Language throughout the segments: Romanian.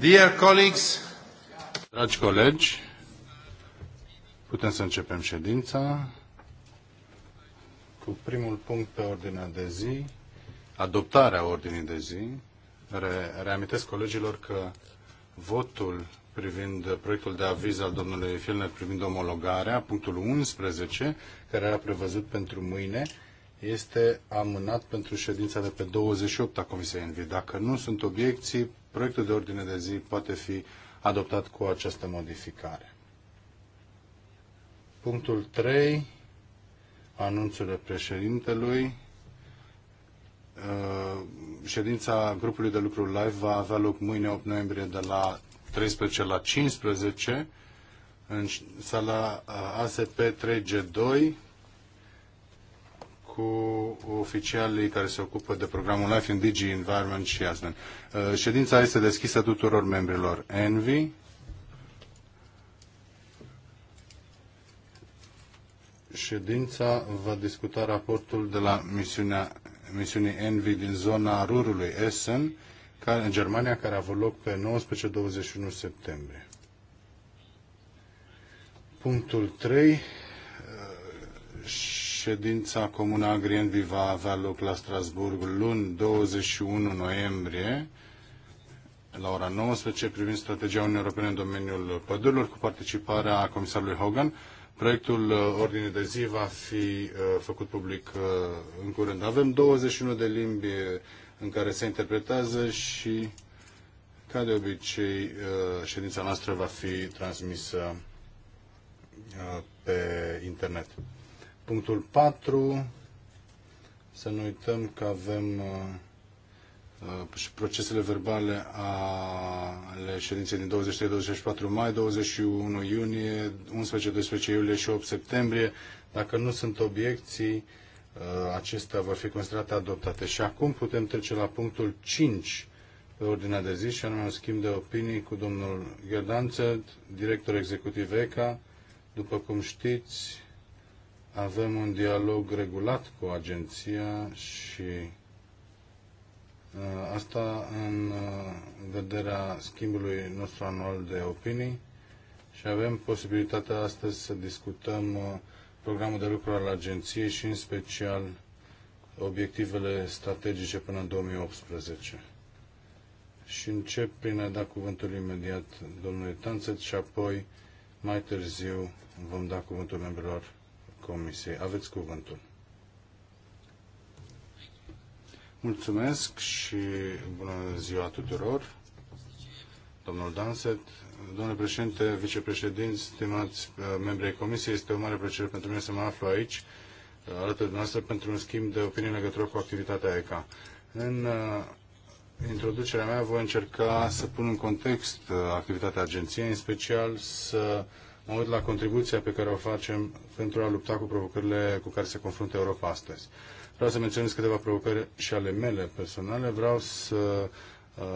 Dear colleagues, dragi colegi, putem să începem ședința cu primul punct pe ordinea de zi, adoptarea ordinii de zi. Re- reamintesc colegilor că votul privind proiectul de aviz al domnului Filner privind omologarea, punctul 11, care era prevăzut pentru mâine, este amânat pentru ședința de pe 28 a Comisiei Envi. Dacă nu sunt obiecții, proiectul de ordine de zi poate fi adoptat cu această modificare. Punctul 3. Anunțurile președintelui. Uh, ședința grupului de lucru live va avea loc mâine 8 noiembrie de la 13 la 15 în sala uh, ASP 3G2 cu oficialii care se ocupă de programul Life in Digi, Environment și ASDEN. Uh, ședința este deschisă tuturor membrilor Envy. Ședința va discuta raportul de la misiunea, misiunii Envy din zona rurului Essen, care, în Germania, care a avut loc pe 19-21 septembrie. Punctul 3 Ședința Comună Agrienvi va avea loc la Strasburg luni 21 noiembrie la ora 19 privind strategia Uniunii Europene în domeniul pădurilor cu participarea comisarului Hogan. Proiectul uh, ordinii de zi va fi uh, făcut public uh, în curând. Avem 21 de limbi în care se interpretează și, ca de obicei, ședința noastră va fi transmisă pe internet. Punctul 4, să nu uităm că avem uh, și procesele verbale ale ședinței din 23-24 mai, 21 iunie, 11-12 iulie și 8 septembrie. Dacă nu sunt obiecții, uh, acestea vor fi considerate adoptate. Și acum putem trece la punctul 5 pe ordinea de zi și anume un schimb de opinii cu domnul Gerdanță, director executiv ECA. După cum știți, avem un dialog regulat cu agenția și uh, Asta în uh, vederea schimbului nostru anual de opinii și avem posibilitatea astăzi să discutăm uh, programul de lucru al agenției și în special obiectivele strategice până în 2018. Și încep prin a da cuvântul imediat domnului Tanțet și apoi mai târziu vom da cuvântul membrilor Comisiei. Aveți cuvântul. Mulțumesc și bună ziua tuturor. Domnul Danset, domnule președinte, vicepreședinți, stimați uh, membrii Comisiei, este o mare plăcere pentru mine să mă aflu aici, uh, alături de noastră, pentru un schimb de opinie legătură cu activitatea ECA. În uh, introducerea mea voi încerca să pun în context activitatea agenției, în special să mă uit la contribuția pe care o facem pentru a lupta cu provocările cu care se confruntă Europa astăzi. Vreau să menționez câteva provocări și ale mele personale. Vreau să uh,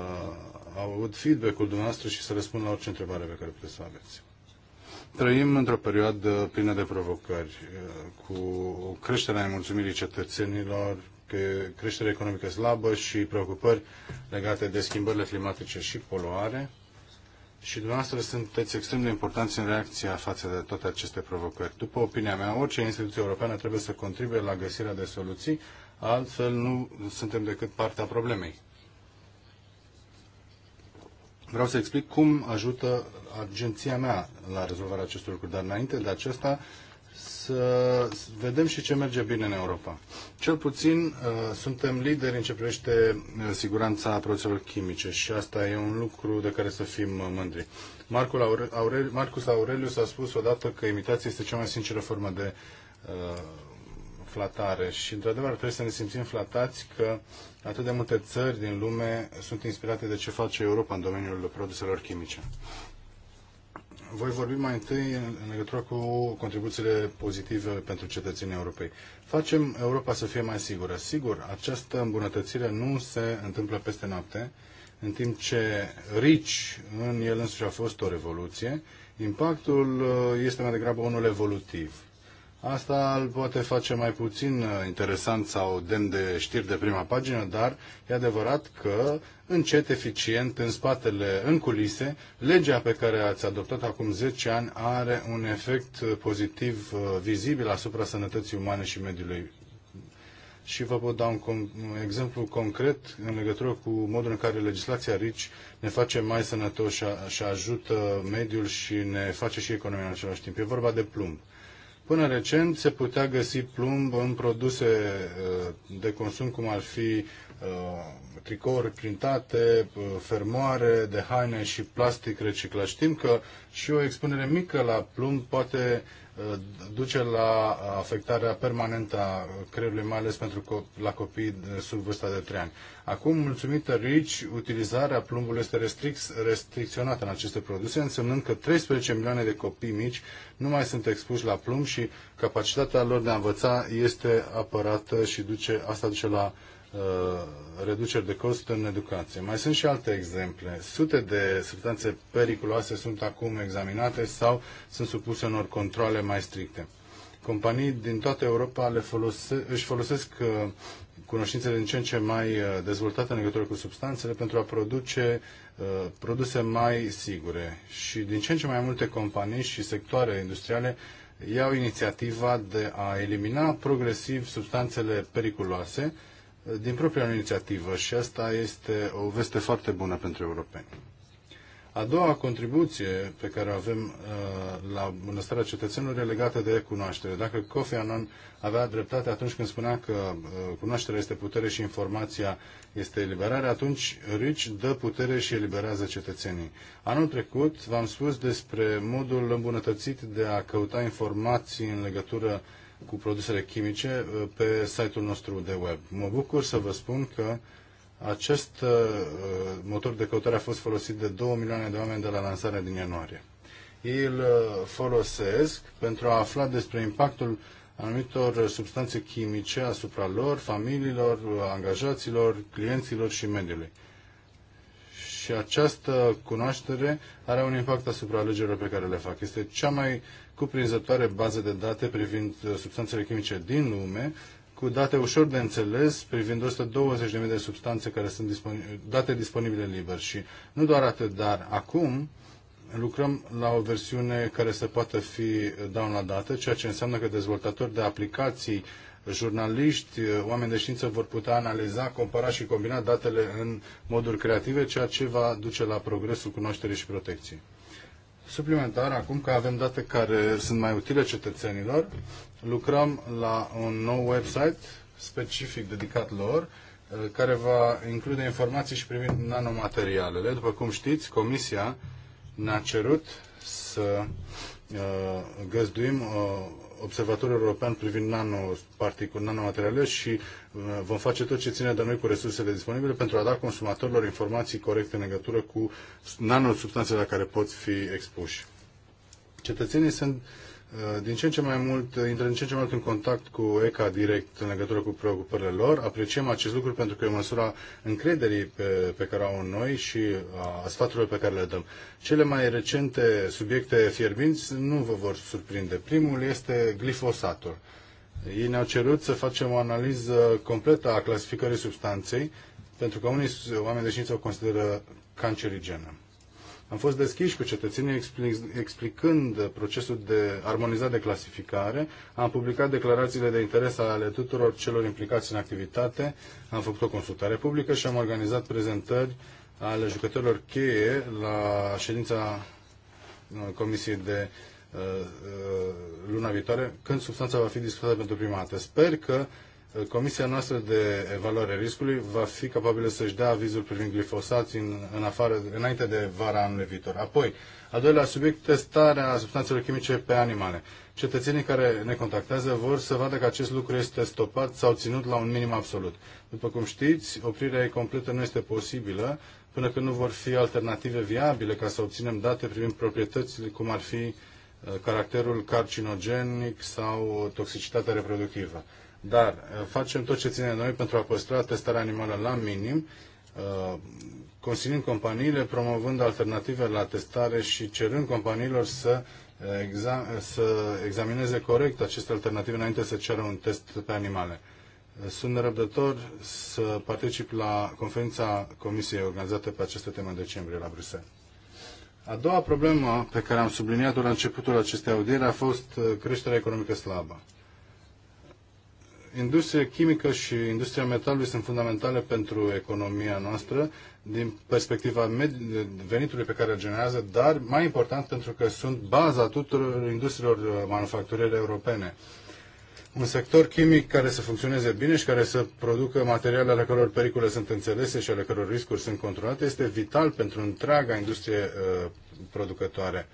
aud feedback-ul dumneavoastră și să răspund la orice întrebare pe care puteți să aveți. Trăim într-o perioadă plină de provocări, uh, cu o creștere a mulțumirii cetățenilor, creștere economică slabă și preocupări legate de schimbările climatice și poluare și dumneavoastră sunteți extrem de importanți în reacția față de toate aceste provocări. După opinia mea, orice instituție europeană trebuie să contribuie la găsirea de soluții, altfel nu suntem decât partea problemei. Vreau să explic cum ajută agenția mea la rezolvarea acestor lucruri, dar înainte de aceasta să vedem și ce merge bine în Europa. Cel puțin uh, suntem lideri în ce privește uh, siguranța produselor chimice și asta e un lucru de care să fim uh, mândri. Marcus, Aure- Aurel- Marcus Aurelius a spus odată că imitația este cea mai sinceră formă de uh, flatare și, într-adevăr, trebuie să ne simțim flatați că atât de multe țări din lume sunt inspirate de ce face Europa în domeniul produselor chimice. Voi vorbi mai întâi în legătură cu contribuțiile pozitive pentru cetățenii europei. Facem Europa să fie mai sigură. Sigur, această îmbunătățire nu se întâmplă peste noapte, în timp ce RICI în el însuși a fost o revoluție, impactul uh, este mai degrabă unul evolutiv. Asta îl poate face mai puțin uh, interesant sau demn de știri de prima pagină, dar e adevărat că încet, eficient, în spatele, în culise, legea pe care ați adoptat acum 10 ani are un efect uh, pozitiv uh, vizibil asupra sănătății umane și mediului. Și vă pot da un, un exemplu concret în legătură cu modul în care legislația RICI ne face mai sănătoși și ajută mediul și ne face și economia în același timp. E vorba de plumb. Până recent se putea găsi plumb în produse uh, de consum, cum ar fi uh, tricouri printate, uh, fermoare de haine și plastic reciclat. Știm că și o expunere mică la plumb poate duce la afectarea permanentă a creierului, mai ales pentru co- la copii sub vârsta de 3 ani. Acum, mulțumită RICI, utilizarea plumbului este restric- restricționată în aceste produse, însemnând că 13 milioane de copii mici nu mai sunt expuși la plumb și capacitatea lor de a învăța este apărată și duce, asta duce la Uh, reduceri de cost în educație. Mai sunt și alte exemple. Sute de substanțe periculoase sunt acum examinate sau sunt supuse unor controle mai stricte. Companii din toată Europa le folose, își folosesc uh, cunoștințele din ce în ce mai uh, dezvoltate în legătură cu substanțele pentru a produce uh, produse mai sigure. Și din ce în ce mai multe companii și sectoare industriale iau inițiativa de a elimina progresiv substanțele periculoase din propria inițiativă și asta este o veste foarte bună pentru europeni. A doua contribuție pe care o avem uh, la bunăstarea cetățenilor e legată de cunoaștere. Dacă Kofi Annan avea dreptate atunci când spunea că uh, cunoașterea este putere și informația este eliberare, atunci Rich dă putere și eliberează cetățenii. Anul trecut v-am spus despre modul îmbunătățit de a căuta informații în legătură uh, cu produsele chimice uh, pe site-ul nostru de web. Mă bucur să vă spun că acest uh, motor de căutare a fost folosit de 2 milioane de oameni de la lansarea din ianuarie. Ei îl uh, folosesc pentru a afla despre impactul anumitor substanțe chimice asupra lor, familiilor, angajaților, clienților și mediului. Și această cunoaștere are un impact asupra alegerilor pe care le fac. Este cea mai cuprinzătoare bază de date privind uh, substanțele chimice din lume, cu date ușor de înțeles privind 120.000 de substanțe care sunt disponibile, date disponibile liber. Și nu doar atât, dar acum lucrăm la o versiune care să poată fi downloadată, ceea ce înseamnă că dezvoltatori de aplicații, jurnaliști, uh, oameni de știință vor putea analiza, compara și combina datele în moduri creative, ceea ce va duce la progresul cunoașterii și protecției suplimentar, acum că avem date care sunt mai utile cetățenilor, lucrăm la un nou website specific dedicat lor, uh, care va include informații și privind nanomaterialele. După cum știți, Comisia ne-a cerut să uh, găzduim uh, Observatorul European privind nanomateriale și uh, vom face tot ce ține de noi cu resursele disponibile pentru a da consumatorilor informații corecte în legătură cu nanosubstanțele la care pot fi expuși. Cetățenii sunt Uh, din ce în ce mai mult, uh, intră din ce în ce mai mult în contact cu ECA direct în legătură cu preocupările lor. Apreciem acest lucru pentru că e măsura încrederii pe, pe care au în noi și a sfaturilor pe care le dăm. Cele mai recente subiecte fierbinți nu vă vor surprinde. Primul este glifosatul. Ei ne-au cerut să facem o analiză completă a clasificării substanței, pentru că unii oameni de știință o consideră cancerigenă. Am fost deschiși cu cetățenii explicând procesul de armonizat de clasificare, am publicat declarațiile de interes ale tuturor celor implicați în activitate, am făcut o consultare publică și am organizat prezentări ale jucătorilor cheie la ședința uh, Comisiei de uh, uh, luna viitoare, când substanța va fi discutată pentru prima dată. Sper că Comisia noastră de evaluare riscului va fi capabilă să-și dea avizul privind glifosat în, în afară, înainte de vara anului viitor. Apoi, al doilea subiect, testarea substanțelor chimice pe animale. Cetățenii care ne contactează vor să vadă că acest lucru este stopat sau ținut la un minim absolut. După cum știți, oprirea ei completă nu este posibilă până când nu vor fi alternative viabile ca să obținem date privind proprietățile, cum ar fi uh, caracterul carcinogenic sau toxicitatea reproductivă. Dar uh, facem tot ce ține noi pentru a păstra testarea animală la minim, uh, consiliind companiile, promovând alternative la testare și cerând companiilor să, exam- să examineze corect aceste alternative înainte să ceară un test pe animale. Uh, sunt nerăbdător să particip la conferința Comisiei organizată pe aceste teme în decembrie la Bruxelles. A doua problemă pe care am subliniat-o la începutul acestei audieri a fost creșterea economică slabă. Industria chimică și industria metalului sunt fundamentale pentru economia noastră din perspectiva venitului pe care îl generează, dar mai important pentru că sunt baza tuturor industriilor uh, manufacturiere europene. Un sector chimic care să funcționeze bine și care să producă materiale ale căror pericole sunt înțelese și ale căror riscuri sunt controlate este vital pentru întreaga industrie uh, producătoare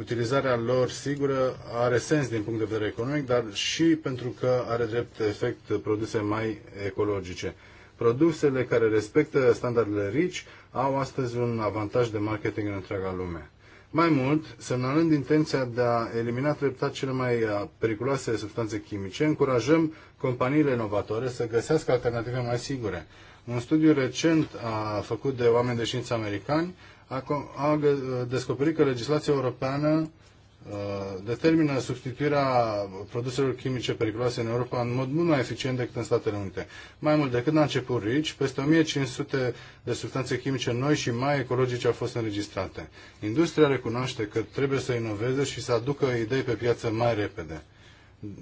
utilizarea lor sigură are sens din punct de vedere economic, dar și pentru că are drept efect produse mai ecologice. Produsele care respectă standardele RICI au astăzi un avantaj de marketing în întreaga lume. Mai mult, semnalând intenția de a elimina treptat cele mai periculoase substanțe chimice, încurajăm companiile inovatoare să găsească alternative mai sigure. Un studiu recent a făcut de oameni de știință americani a descoperit că legislația europeană uh, determină substituirea produselor chimice periculoase în Europa în mod mult mai eficient decât în Statele Unite. Mai mult decât la început RICI, peste 1500 de substanțe chimice noi și mai ecologice au fost înregistrate. Industria recunoaște că trebuie să inoveze și să aducă idei pe piață mai repede.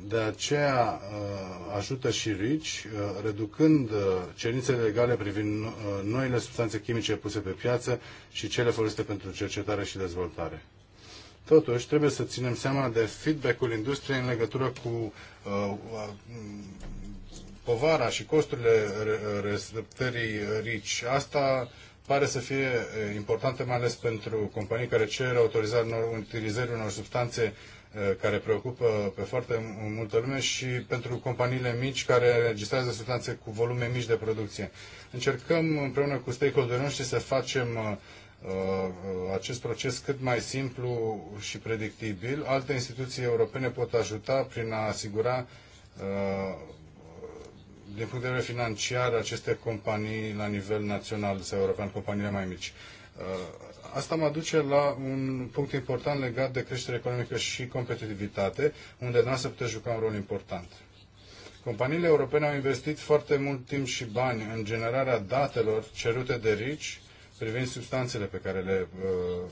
De aceea uh, ajută și RICI, uh, reducând uh, cerințele legale privind noile substanțe chimice puse pe piață și cele folosite pentru cercetare și dezvoltare. Totuși, trebuie să ținem seama de feedback-ul industriei în legătură cu povara și costurile receptării RICI. Asta pare să fie importantă mai ales pentru companii care cer autorizarea utilizării unor substanțe Eh, care preocupă pe foarte multă lume și pentru companiile mici care registrează substanțe cu volume mici de producție. Încercăm împreună cu stakeholderii noștri să facem eh, eh, acest proces cât mai simplu și predictibil. Alte instituții europene pot ajuta prin a asigura din punct de vedere financiar aceste companii la nivel național sau european, companiile mai mici asta mă duce la un punct important legat de creștere economică și competitivitate, unde dumneavoastră puteți juca un rol important. Companiile europene au investit foarte mult timp și bani în generarea datelor cerute de RICI privind substanțele pe care le uh,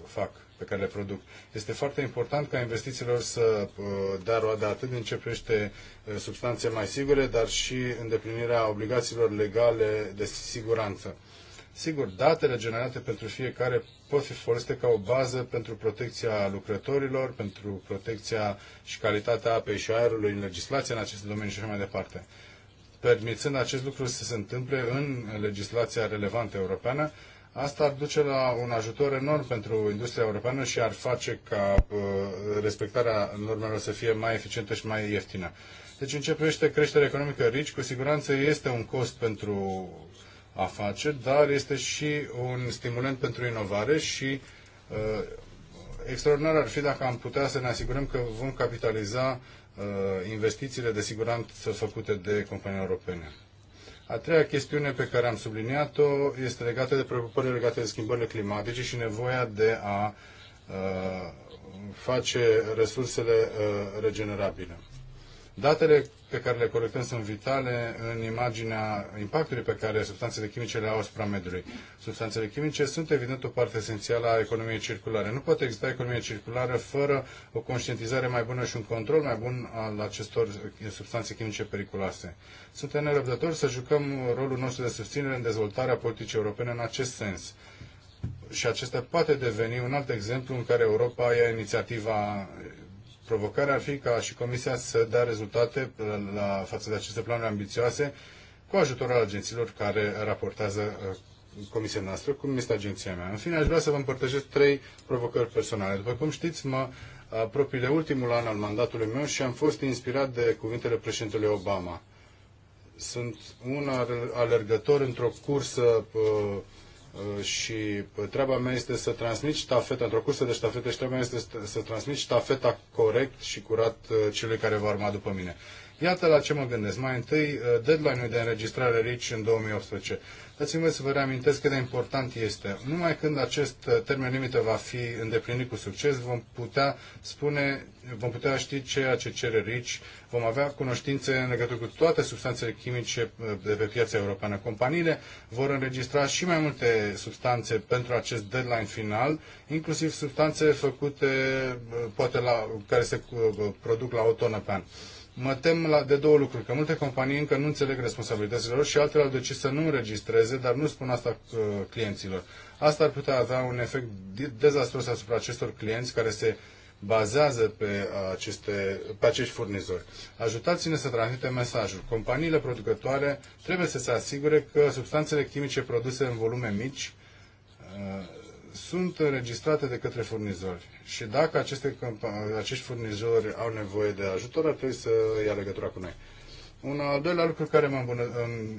fac, pe care le produc. Este foarte important ca investițiilor să uh, dea roade atât din ce privește uh, substanțe mai sigure, dar și îndeplinirea obligațiilor legale de siguranță. Sigur, datele generate pentru fiecare pot fi folosite ca o bază pentru protecția lucrătorilor, pentru protecția și calitatea apei și aerului în legislație în acest domeniu, și așa mai departe. Permițând acest lucru să se întâmple în legislația relevantă europeană, asta ar duce la un ajutor enorm pentru industria europeană și ar face ca uh, respectarea normelor să fie mai eficientă și mai ieftină. Deci în ce privește creșterea economică RICI, cu siguranță este un cost pentru afaceri, dar este și un stimulant pentru inovare și uh, extraordinar ar fi dacă am putea să ne asigurăm că vom capitaliza uh, investițiile de siguranță făcute de companii europene. A treia chestiune pe care am subliniat-o este legată de preocupările legate de schimbările climatice și nevoia de a uh, face resursele uh, regenerabile. Datele pe care le colectăm sunt vitale în imaginea impactului pe care substanțele chimice le au asupra mediului. Substanțele chimice sunt evident o parte esențială a economiei circulare. Nu poate exista economie circulară fără o conștientizare mai bună și un control mai bun al acestor substanțe chimice periculoase. Suntem nerăbdători să jucăm rolul nostru de susținere în dezvoltarea politicii europene în acest sens. Și acesta poate deveni un alt exemplu în care Europa ia inițiativa provocarea ar fi ca și Comisia să dea rezultate uh, la față de aceste planuri ambițioase cu ajutorul agențiilor care raportează uh, comisia noastră, cum este agenția mea. În fine, aș vrea să vă împărtășesc trei provocări personale. După cum știți, mă apropii de ultimul an al mandatului meu și am fost inspirat de cuvintele președintelui Obama. Sunt un alergător într-o cursă uh, Uh, și uh, treaba mea este să transmit ștafeta, într-o cursă de ștafete și treaba mea este să transmit ștafeta corect și curat uh, celui care va urma după mine. Iată la ce mă gândesc. Mai întâi, deadline-ul de înregistrare RICI în 2018 dați-mi voi să vă reamintesc cât de important este. Numai când acest uh, termen limită va fi îndeplinit cu succes, vom putea spune, vom putea ști ceea ce cere RICI, vom avea cunoștințe în legătură cu toate substanțele chimice uh, de pe piața europeană. Companiile vor înregistra și mai multe substanțe pentru acest deadline final, inclusiv substanțe făcute, uh, poate la, care se produc la o tonă pe an. Mă tem la, de două lucruri, că multe companii încă nu înțeleg responsabilitățile lor și altele au decis să nu înregistreze, dar nu spun asta uh, clienților. Asta ar putea avea un efect dezastros asupra acestor clienți care se bazează pe, aceste, pe acești furnizori. Ajutați-ne să transmitem mesajul. Companiile producătoare trebuie să se asigure că substanțele chimice produse în volume mici uh, sunt înregistrate de către furnizori și dacă aceste, acești furnizori au nevoie de ajutor, ar trebui să ia legătura cu noi. Un al doilea lucru care mă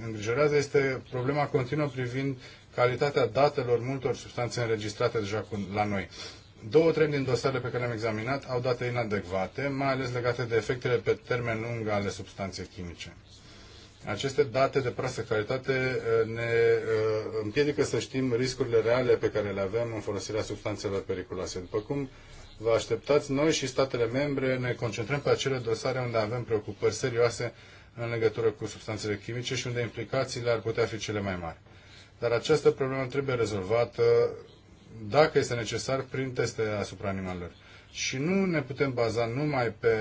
îngrijorează este problema continuă privind calitatea datelor multor substanțe înregistrate deja cu, la noi. Două trei din dosarele pe care le-am examinat au date inadecvate, mai ales legate de efectele pe termen lung ale substanței chimice. Aceste date de proastă calitate eh, ne eh, împiedică să știm riscurile reale pe care le avem în folosirea substanțelor periculoase. După cum vă așteptați, noi și statele membre ne concentrăm pe acele dosare unde avem preocupări serioase în legătură cu substanțele chimice și unde implicațiile ar putea fi cele mai mari. Dar această problemă trebuie rezolvată, dacă este necesar, prin teste asupra animalelor. Și nu ne putem baza numai pe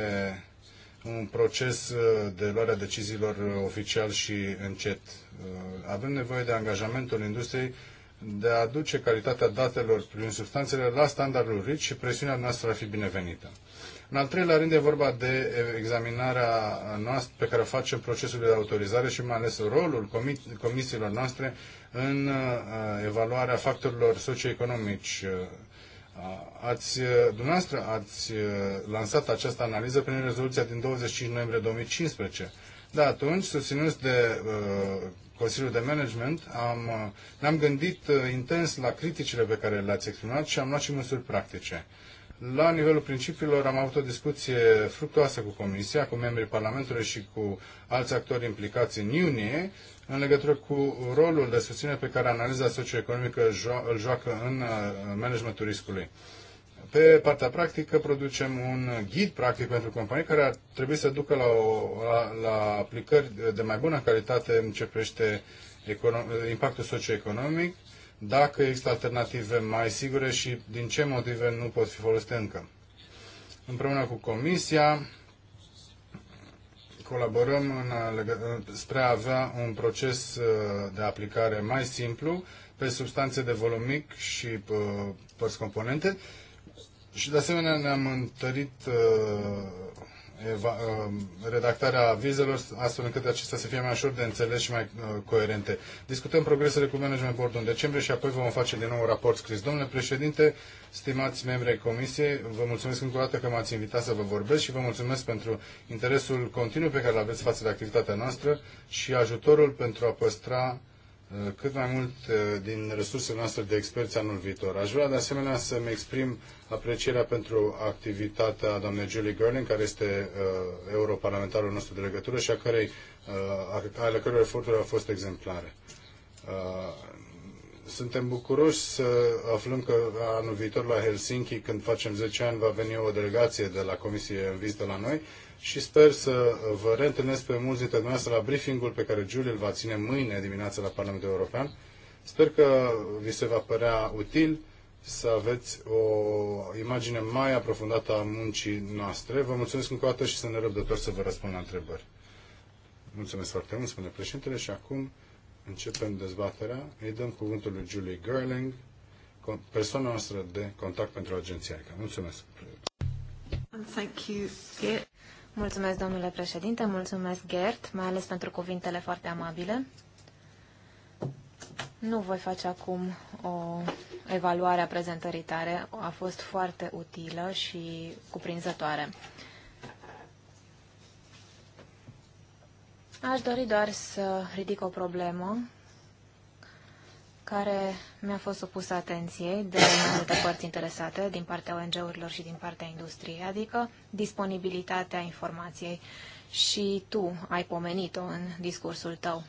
un proces uh, de luare a deciziilor uh, oficial și încet. Uh, avem nevoie de angajamentul industriei de a aduce calitatea datelor prin substanțele la standardul RIC și presiunea noastră ar fi binevenită. În al treilea rând e vorba de examinarea noastră pe care o facem procesul de autorizare și mai ales rolul comisiilor noastre în evaluarea factorilor socioeconomici Ați, eh, dumneavoastră ați eh, lansat această analiză prin rezoluția din 25 noiembrie 2015. Da, atunci, susținut de uh, Consiliul de Management, am, ne-am gândit uh, intens la criticile pe care le-ați exprimat și am luat și măsuri practice. La nivelul principiilor am avut o discuție fructuoasă cu Comisia, cu membrii Parlamentului și cu alți actori implicați în iunie în legătură cu rolul de susținere pe care analiza socioeconomică îl joacă uh, în managementul riscului. Pe partea practică producem un ghid practic pentru companii care ar trebui să ducă la, o, la, la aplicări de mai bună calitate în ce privește impactul socioeconomic, dacă există alternative mai sigure și din ce motive nu pot fi folosite încă. Împreună cu Comisia, colaborăm în, spre a avea un proces uh, de aplicare mai simplu pe substanțe de volum mic și uh, părți componente și de asemenea ne-am întărit uh, Uh, redactarea vizelor, astfel încât acestea să fie mai ușor de înțeles și mai uh, coerente. Discutăm progresele cu Management Board în decembrie și apoi vom face din nou un raport scris. Domnule președinte, stimați membri ai comisiei, vă mulțumesc încă o dată că m-ați invitat să vă vorbesc și vă mulțumesc pentru interesul continuu pe care îl aveți față de activitatea noastră și ajutorul pentru a păstra Eh, cât mai mult eh, din resursele noastre de experți anul viitor. Aș vrea de asemenea să-mi exprim aprecierea pentru activitatea doamnei Julie Gerling, care este uh, europarlamentarul nostru de legătură și a cărei, uh, ale cărui eforturi au fost exemplare. Uh, suntem bucuroși să aflăm că anul viitor la Helsinki, când facem 10 ani, va veni o delegație de la Comisie în vizită la noi și sper să vă reîntâlnesc pe mulți dintre dumneavoastră la briefingul pe care Julie îl va ține mâine dimineață la Parlamentul European. Sper că vi se va părea util să aveți o imagine mai aprofundată a muncii noastre. Vă mulțumesc încă o dată și sunt nerăbdător să vă răspund la întrebări. Mulțumesc foarte mult, spune președintele, și acum începem dezbaterea. Îi dăm cuvântul lui Julie Gerling, persoana noastră de contact pentru agenția ICA. Mulțumesc! Thank you. Mulțumesc, domnule președinte, mulțumesc, Gert, mai ales pentru cuvintele foarte amabile. Nu voi face acum o evaluare a prezentării tare. A fost foarte utilă și cuprinzătoare. Aș dori doar să ridic o problemă care mi-a fost supusă atenției de multe părți interesate din partea ONG-urilor și din partea industriei, adică disponibilitatea informației și tu ai pomenit-o în discursul tău.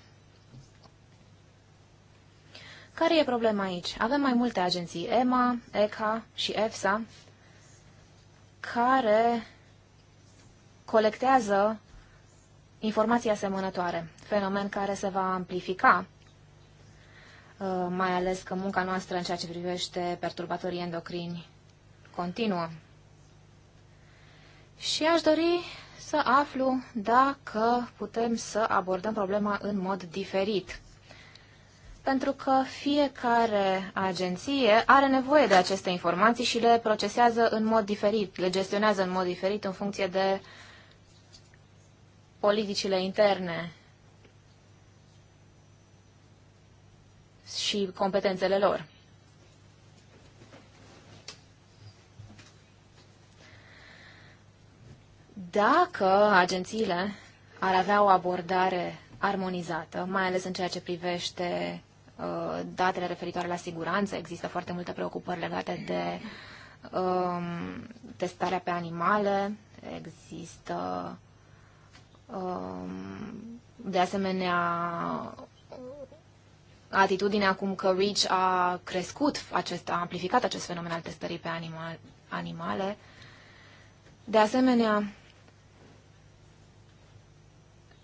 Care e problema aici? Avem mai multe agenții, EMA, ECA și EFSA, care colectează informații asemănătoare, fenomen care se va amplifica Uh, mai ales că munca noastră în ceea ce privește perturbatorii endocrini continuă. Și aș dori să aflu dacă putem să abordăm problema în mod diferit. Pentru că fiecare agenție are nevoie de aceste informații și le procesează în mod diferit, le gestionează în mod diferit în funcție de politicile interne și competențele lor. Dacă agențiile ar avea o abordare armonizată, mai ales în ceea ce privește uh, datele referitoare la siguranță, există foarte multe preocupări legate de um, testarea pe animale, există um, de asemenea atitudinea acum că REACH a crescut, acest, a amplificat acest fenomen al testării pe animal, animale. De asemenea,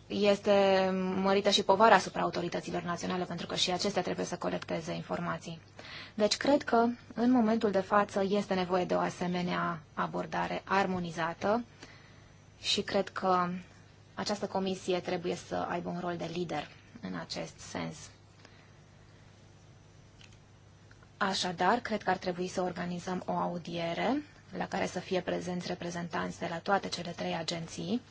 este mărită și povara asupra autorităților naționale, pentru că și acestea trebuie să colecteze informații. Deci, cred că, în momentul de față, este nevoie de o asemenea abordare armonizată și cred că această comisie trebuie să aibă un rol de lider în acest sens. Așadar, cred că ar trebui să organizăm o audiere la care să fie prezenți reprezentanți de la toate cele trei agenții.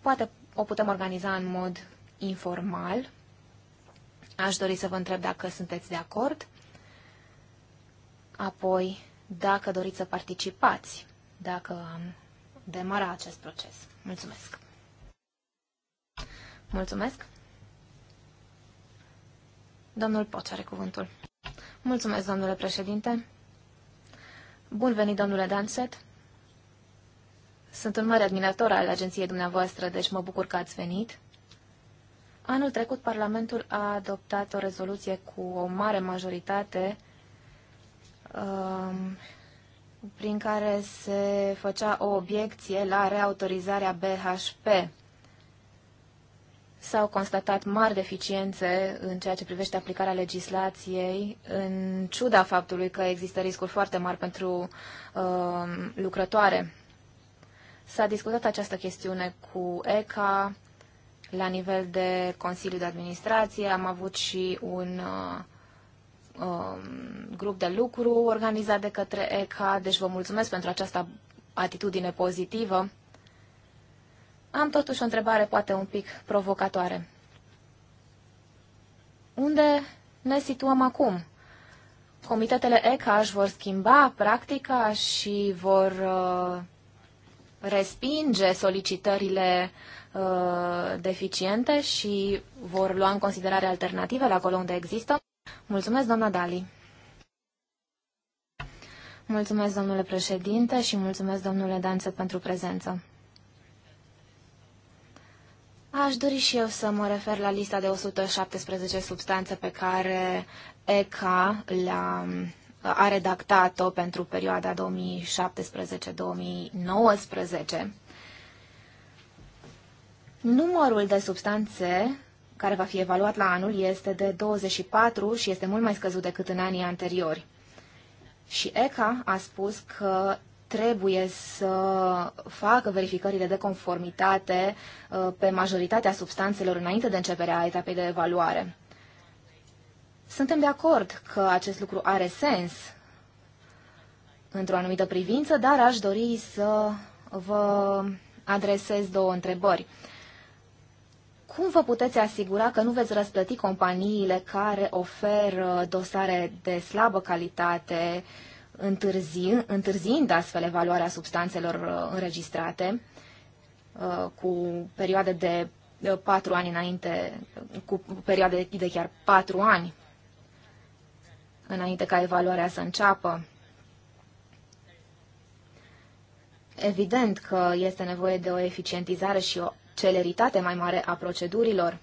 Poate o putem organiza în mod informal. Aș dori să vă întreb dacă sunteți de acord. Apoi, dacă doriți să participați, dacă am demara acest proces. Mulțumesc! Mulțumesc! Domnul Poce are cuvântul. Mulțumesc, domnule președinte. Bun venit, domnule Danset. Sunt un mare admirator al agenției dumneavoastră, deci mă bucur că ați venit. Anul trecut, Parlamentul a adoptat o rezoluție cu o mare majoritate um, prin care se făcea o obiecție la reautorizarea BHP. S-au constatat mari deficiențe în ceea ce privește aplicarea legislației, în ciuda faptului că există riscuri foarte mari pentru uh, lucrătoare. S-a discutat această chestiune cu ECA la nivel de Consiliu de Administrație. Am avut și un uh, um, grup de lucru organizat de către ECA, deci vă mulțumesc pentru această atitudine pozitivă am totuși o întrebare poate un pic provocatoare. Unde ne situăm acum? Comitetele ECA își vor schimba practica și vor uh, respinge solicitările uh, deficiente și vor lua în considerare alternativele acolo unde există. Mulțumesc, doamna Dali. Mulțumesc, domnule președinte, și mulțumesc, domnule Danță, pentru prezență. Aș dori și eu să mă refer la lista de 117 substanțe pe care ECA a a redactat-o pentru perioada 2017-2019. Numărul de substanțe care va fi evaluat la anul este de 24 și este mult mai scăzut decât în anii anteriori. Și ECA a spus că trebuie să facă verificările de conformitate uh, pe majoritatea substanțelor înainte de începerea etapei de evaluare. Suntem de acord că acest lucru are sens într-o anumită privință, dar aș dori să vă adresez două întrebări. Cum vă puteți asigura că nu veți răsplăti companiile care oferă dosare de slabă calitate uh, întârzi, întârziind astfel evaluarea substanțelor uh, înregistrate uh, cu perioade de uh, patru ani înainte, cu perioade de chiar patru ani înainte ca evaluarea să înceapă. Evident că este nevoie de o eficientizare și o celeritate mai mare a procedurilor.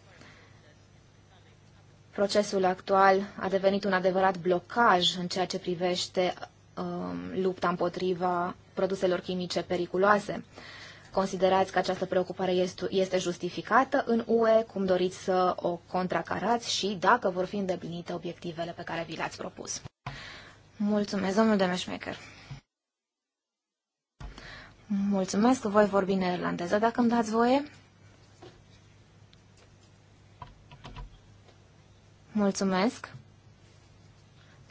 Procesul actual a devenit un adevărat blocaj în ceea ce privește Um, lupta împotriva produselor chimice periculoase. Considerați că această preocupare este justificată în UE, cum doriți să o contracarați și dacă vor fi îndeplinite obiectivele pe care vi le-ați propus. Mulțumesc, domnul Demeșmecher. Mulțumesc, voi vorbi neerlandeză, dacă îmi dați voie. Mulțumesc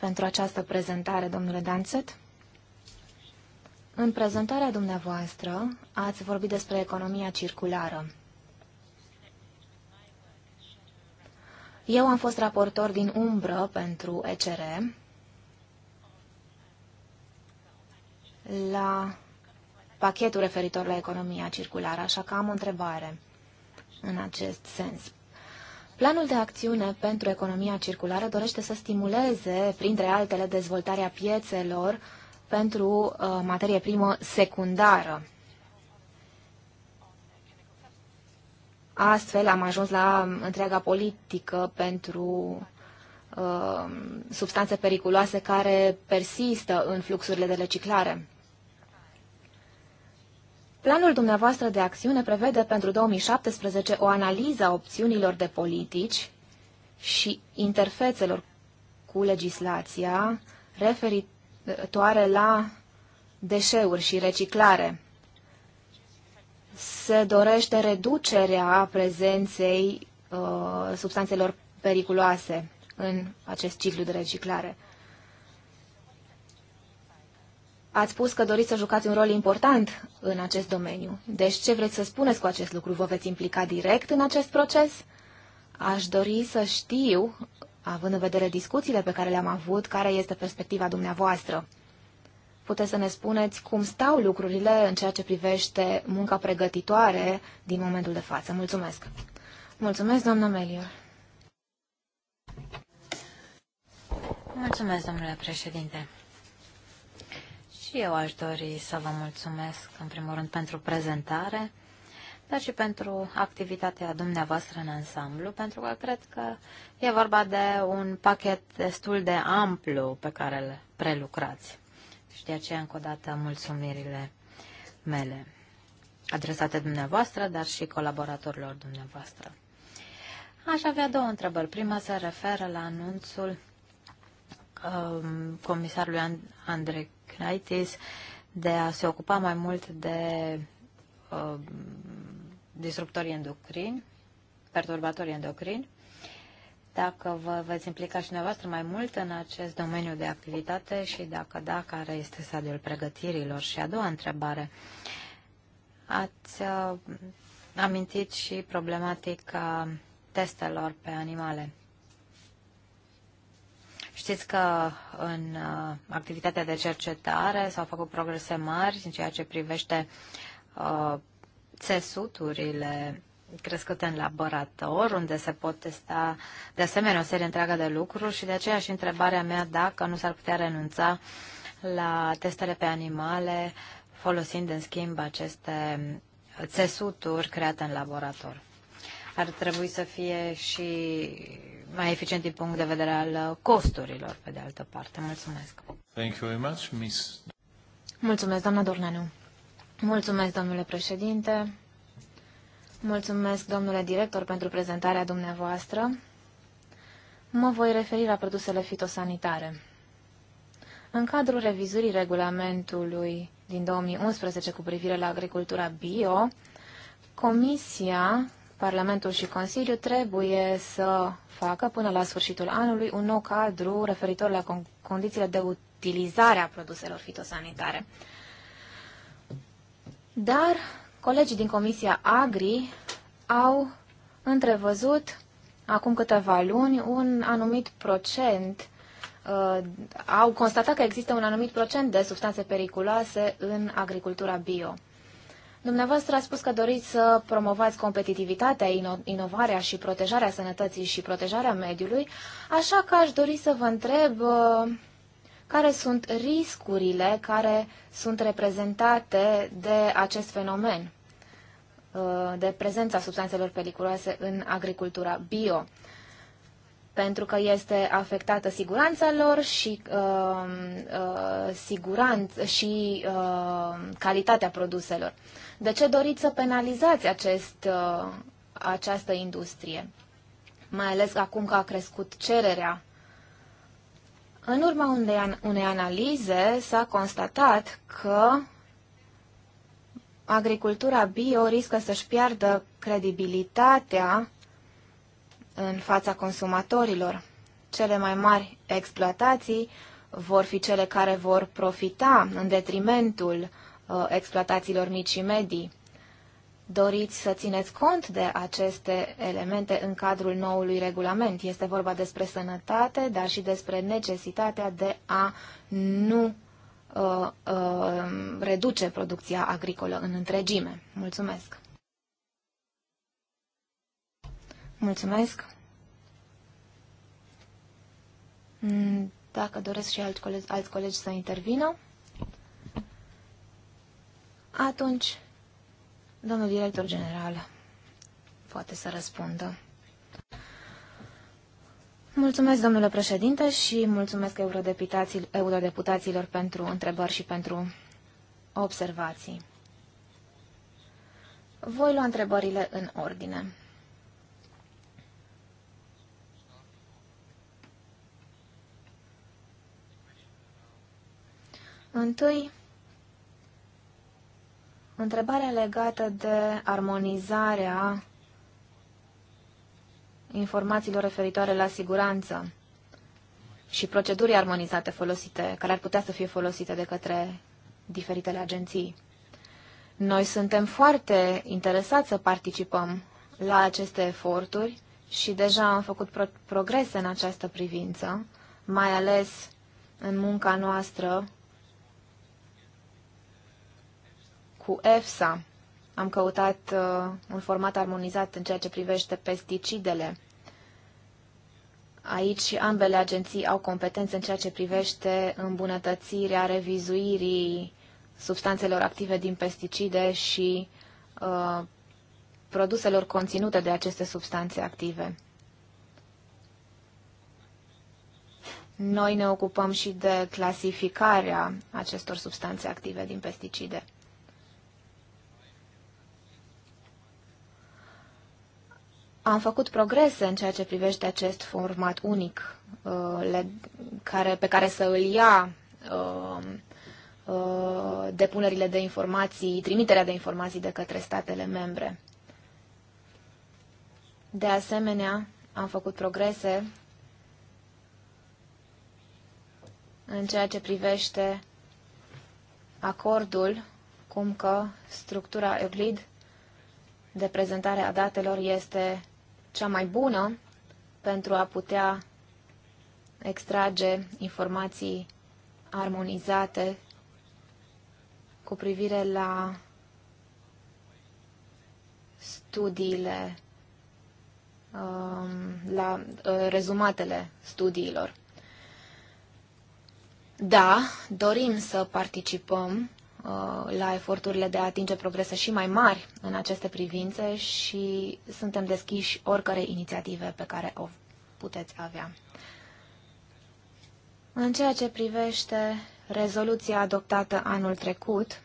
pentru această prezentare, domnule Danțet. În prezentarea dumneavoastră ați vorbit despre economia circulară. Eu am fost raportor din umbră pentru ECR la pachetul referitor la economia circulară, așa că am o întrebare în acest sens. Planul de acțiune pentru economia circulară dorește să stimuleze, printre altele, dezvoltarea piețelor pentru uh, materie primă secundară. Astfel am ajuns la întreaga politică pentru uh, substanțe periculoase care persistă în fluxurile de reciclare. Planul dumneavoastră de acțiune prevede pentru 2017 o analiză a opțiunilor de politici și interfețelor cu legislația referitoare la deșeuri și reciclare. Se dorește reducerea prezenței uh, substanțelor periculoase în acest ciclu de reciclare. Ați spus că doriți să jucați un rol important în acest domeniu. Deci ce vreți să spuneți cu acest lucru? Vă veți implica direct în acest proces? Aș dori să știu, având în vedere discuțiile pe care le-am avut, care este perspectiva dumneavoastră. Puteți să ne spuneți cum stau lucrurile în ceea ce privește munca pregătitoare din momentul de față. Mulțumesc! Mulțumesc, doamna Melior! Mulțumesc, domnule președinte! Și eu aș dori să vă mulțumesc, în primul rând, pentru prezentare, dar și pentru activitatea dumneavoastră în ansamblu, pentru că cred că e vorba de un pachet destul de amplu pe care îl prelucrați. Și de aceea, încă o dată, mulțumirile mele adresate dumneavoastră, dar și colaboratorilor dumneavoastră. Aș avea două întrebări. Prima se referă la anunțul um, comisarului And- Andrei Iohannitis de a se ocupa mai mult de uh, disruptorii endocrini, perturbatorii endocrini. Dacă vă veți implica și dumneavoastră mai mult în acest domeniu de activitate și dacă da, care este stadiul pregătirilor? Și a doua întrebare. Ați uh, amintit și problematica testelor pe animale. Știți că în uh, activitatea de cercetare s-au făcut progrese mari în ceea ce privește uh, țesuturile crescute în laborator, unde se pot testa de asemenea o serie întreagă de lucruri și de aceea și întrebarea mea dacă nu s-ar putea renunța la testele pe animale folosind în schimb aceste țesuturi create în laborator ar trebui să fie și mai eficient din punct de vedere al costurilor, pe de altă parte. Mulțumesc. Thank you very much, Miss. Mulțumesc, doamna Dornanu. Mulțumesc, domnule președinte. Mulțumesc, domnule director, pentru prezentarea dumneavoastră. Mă voi referi la produsele fitosanitare. În cadrul revizuirii regulamentului din 2011 cu privire la agricultura bio, Comisia Parlamentul și Consiliul trebuie să facă până la sfârșitul anului un nou cadru referitor la con condițiile de utilizare a produselor fitosanitare. Dar colegii din Comisia Agri au întrevăzut acum câteva luni un anumit procent uh, au constatat că există un anumit procent de substanțe periculoase în agricultura bio. Dumneavoastră a spus că doriți să promovați competitivitatea, ino- inovarea și protejarea sănătății și protejarea mediului, așa că aș dori să vă întreb uh, care sunt riscurile care sunt reprezentate de acest fenomen, uh, de prezența substanțelor periculoase în agricultura bio pentru că este afectată siguranța lor și, uh, uh, siguranț- și uh, calitatea produselor. De ce doriți să penalizați acest, uh, această industrie? Mai ales acum că a crescut cererea. În urma unei, unei analize s-a constatat că agricultura bio riscă să-și piardă credibilitatea în fața consumatorilor. Cele mai mari exploatații vor fi cele care vor profita în detrimentul Uh, exploatațiilor mici și medii. Doriți să țineți cont de aceste elemente în cadrul noului regulament. Este vorba despre sănătate, dar și despre necesitatea de a nu uh, uh, reduce producția agricolă în întregime. Mulțumesc! Mulțumesc! Mm, dacă doresc și alți colegi, alți colegi să intervină. Atunci, domnul director general poate să răspundă. Mulțumesc, domnule președinte, și mulțumesc eurodeputaților pentru întrebări și pentru observații. Voi lua întrebările în ordine. Întâi, Întrebarea legată de armonizarea informațiilor referitoare la siguranță și procedurii armonizate folosite, care ar putea să fie folosite de către diferitele agenții. Noi suntem foarte interesați să participăm la aceste eforturi și deja am făcut pro- progrese în această privință, mai ales în munca noastră cu EFSA. Am căutat uh, un format armonizat în ceea ce privește pesticidele. Aici ambele agenții au competențe în ceea ce privește îmbunătățirea revizuirii substanțelor active din pesticide și uh, produselor conținute de aceste substanțe active. Noi ne ocupăm și de clasificarea acestor substanțe active din pesticide. Am făcut progrese în ceea ce privește acest format unic uh, le, care, pe care să îl ia uh, uh, depunerile de informații, trimiterea de informații de către statele membre. De asemenea, am făcut progrese în ceea ce privește acordul, cum că structura EUCLID de prezentare a datelor este cea mai bună pentru a putea extrage informații armonizate cu privire la studiile, um, la uh, rezumatele studiilor. Da, dorim să participăm Uh, la eforturile de a atinge progrese și mai mari în aceste privințe și suntem deschiși oricărei inițiative pe care o puteți avea. În ceea ce privește rezoluția adoptată anul trecut,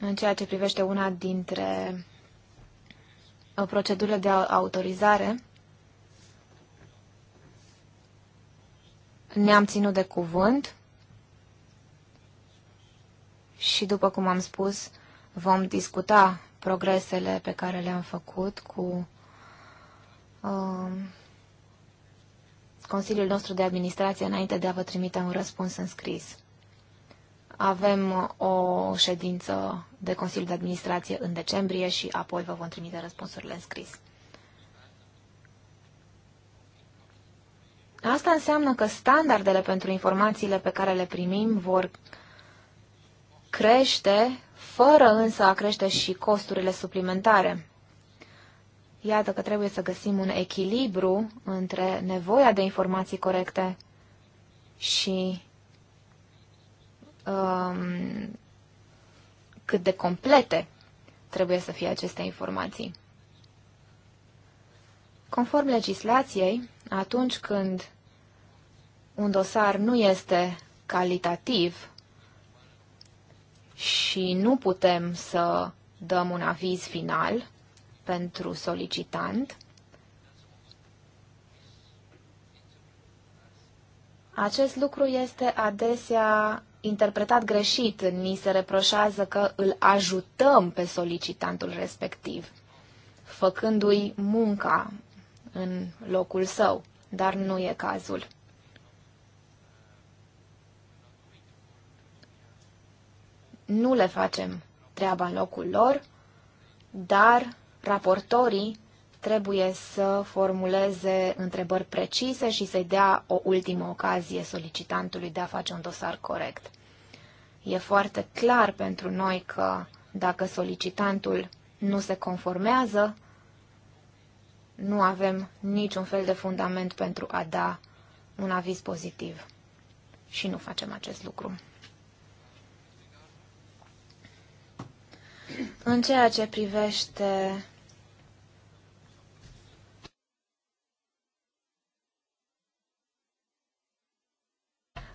în ceea ce privește una dintre uh, procedurile de autorizare, ne-am ținut de cuvânt și, după cum am spus, vom discuta progresele pe care le-am făcut cu uh, Consiliul nostru de administrație înainte de a vă trimite un răspuns în scris. Avem uh, o ședință de Consiliu de Administrație în decembrie și apoi vă vom trimite răspunsurile în scris. Asta înseamnă că standardele pentru informațiile pe care le primim vor crește, fără însă a crește și costurile suplimentare. Iată că trebuie să găsim un echilibru între nevoia de informații corecte și um, cât de complete trebuie să fie aceste informații. Conform legislației, atunci când un dosar nu este calitativ și nu putem să dăm un aviz final pentru solicitant, acest lucru este adesea interpretat greșit. Ni se reproșează că îl ajutăm pe solicitantul respectiv, făcându-i munca în locul său, dar nu e cazul. Nu le facem treaba în locul lor, dar raportorii trebuie să formuleze întrebări precise și să-i dea o ultimă ocazie solicitantului de a face un dosar corect. E foarte clar pentru noi că dacă solicitantul nu se conformează, nu avem niciun fel de fundament pentru a da un aviz pozitiv. Și nu facem acest lucru. În ceea ce privește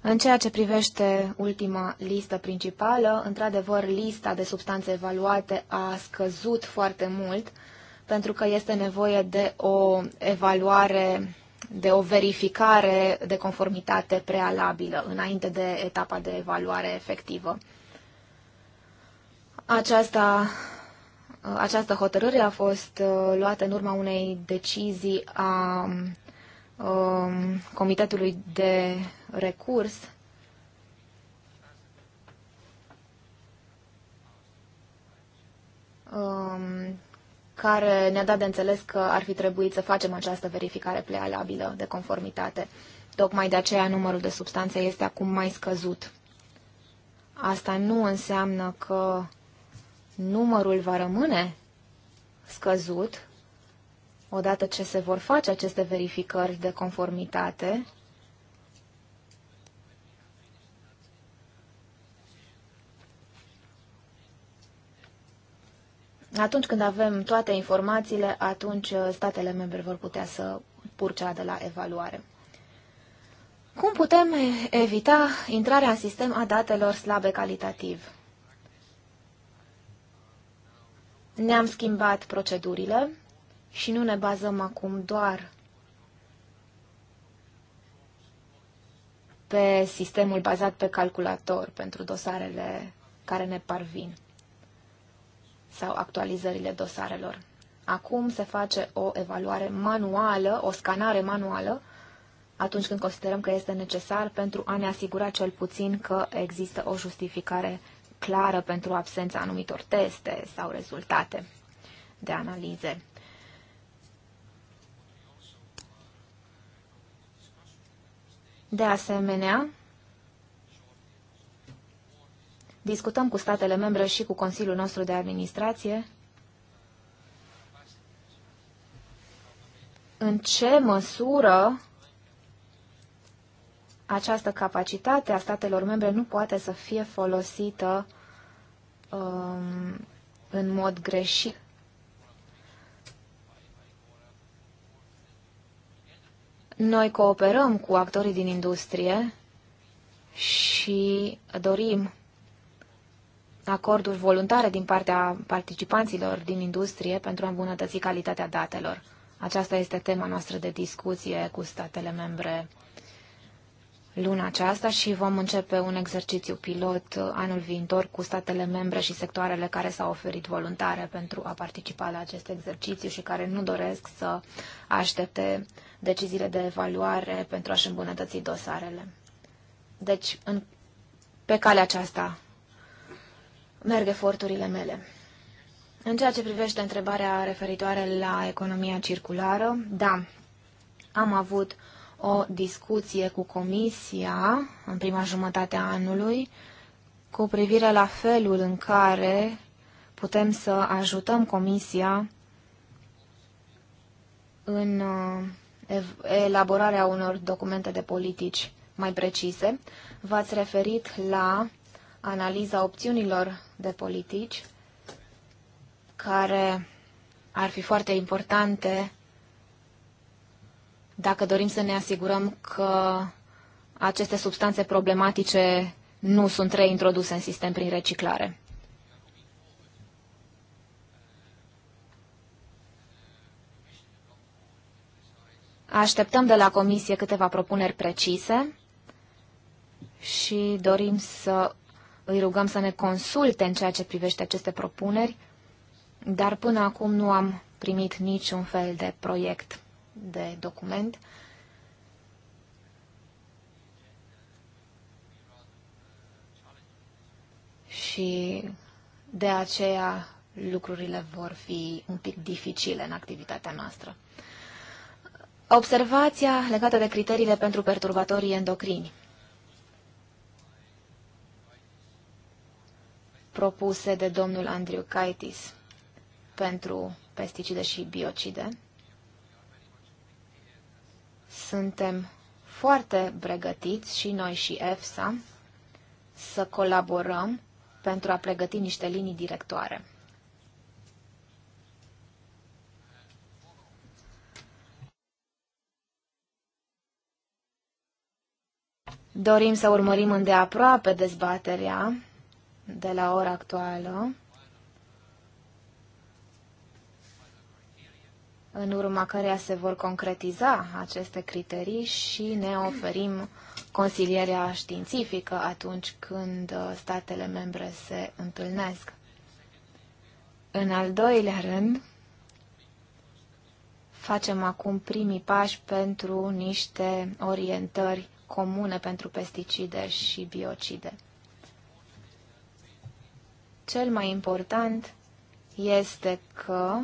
În ceea ce privește ultima listă principală, într-adevăr, lista de substanțe evaluate a scăzut foarte mult, pentru că este nevoie de o evaluare, de o verificare de conformitate prealabilă înainte de etapa de evaluare efectivă. Aceasta, această hotărâre a fost uh, luată în urma unei decizii a um, Comitetului de Recurs um, care ne-a dat de înțeles că ar fi trebuit să facem această verificare prealabilă de conformitate. Tocmai de aceea numărul de substanțe este acum mai scăzut. Asta nu înseamnă că numărul va rămâne scăzut odată ce se vor face aceste verificări de conformitate Atunci când avem toate informațiile, atunci uh, statele membre vor putea să de la evaluare. Cum putem evita intrarea în sistem a datelor slabe calitativ? Ne-am schimbat procedurile și nu ne bazăm acum doar pe sistemul bazat pe calculator pentru dosarele care ne parvin sau actualizările dosarelor. Acum se face o evaluare manuală, o scanare manuală, atunci când considerăm că este necesar pentru a ne asigura cel puțin că există o justificare clară pentru absența anumitor teste sau rezultate de analize. De asemenea, Discutăm cu statele membre și cu Consiliul nostru de administrație în ce măsură această capacitate a statelor membre nu poate să fie folosită um, în mod greșit. Noi cooperăm cu actorii din industrie și dorim acorduri voluntare din partea participanților din industrie pentru a îmbunătăți calitatea datelor. Aceasta este tema noastră de discuție cu statele membre luna aceasta și vom începe un exercițiu pilot anul viitor cu statele membre și sectoarele care s-au oferit voluntare pentru a participa la acest exercițiu și care nu doresc să aștepte deciziile de evaluare pentru a-și îmbunătăți dosarele. Deci, în, pe calea aceasta merg eforturile mele. În ceea ce privește întrebarea referitoare la economia circulară, da, am avut o discuție cu Comisia în prima jumătate a anului cu privire la felul în care putem să ajutăm Comisia în uh, elaborarea unor documente de politici mai precise. V-ați referit la analiza opțiunilor de politici care ar fi foarte importante dacă dorim să ne asigurăm că aceste substanțe problematice nu sunt reintroduse în sistem prin reciclare. Așteptăm de la Comisie câteva propuneri precise și dorim să îi rugăm să ne consulte în ceea ce privește aceste propuneri, dar până acum nu am primit niciun fel de proiect de document. Și de aceea lucrurile vor fi un pic dificile în activitatea noastră. Observația legată de criteriile pentru perturbatorii endocrini. propuse de domnul Andrew Kaitis pentru pesticide și biocide. Suntem foarte pregătiți și noi și EFSA să colaborăm pentru a pregăti niște linii directoare. Dorim să urmărim îndeaproape dezbaterea de la ora actuală, în urma căreia se vor concretiza aceste criterii și ne oferim consilierea științifică atunci când uh, statele membre se întâlnesc. În al doilea rând, facem acum primii pași pentru niște orientări comune pentru pesticide și biocide. Cel mai important este că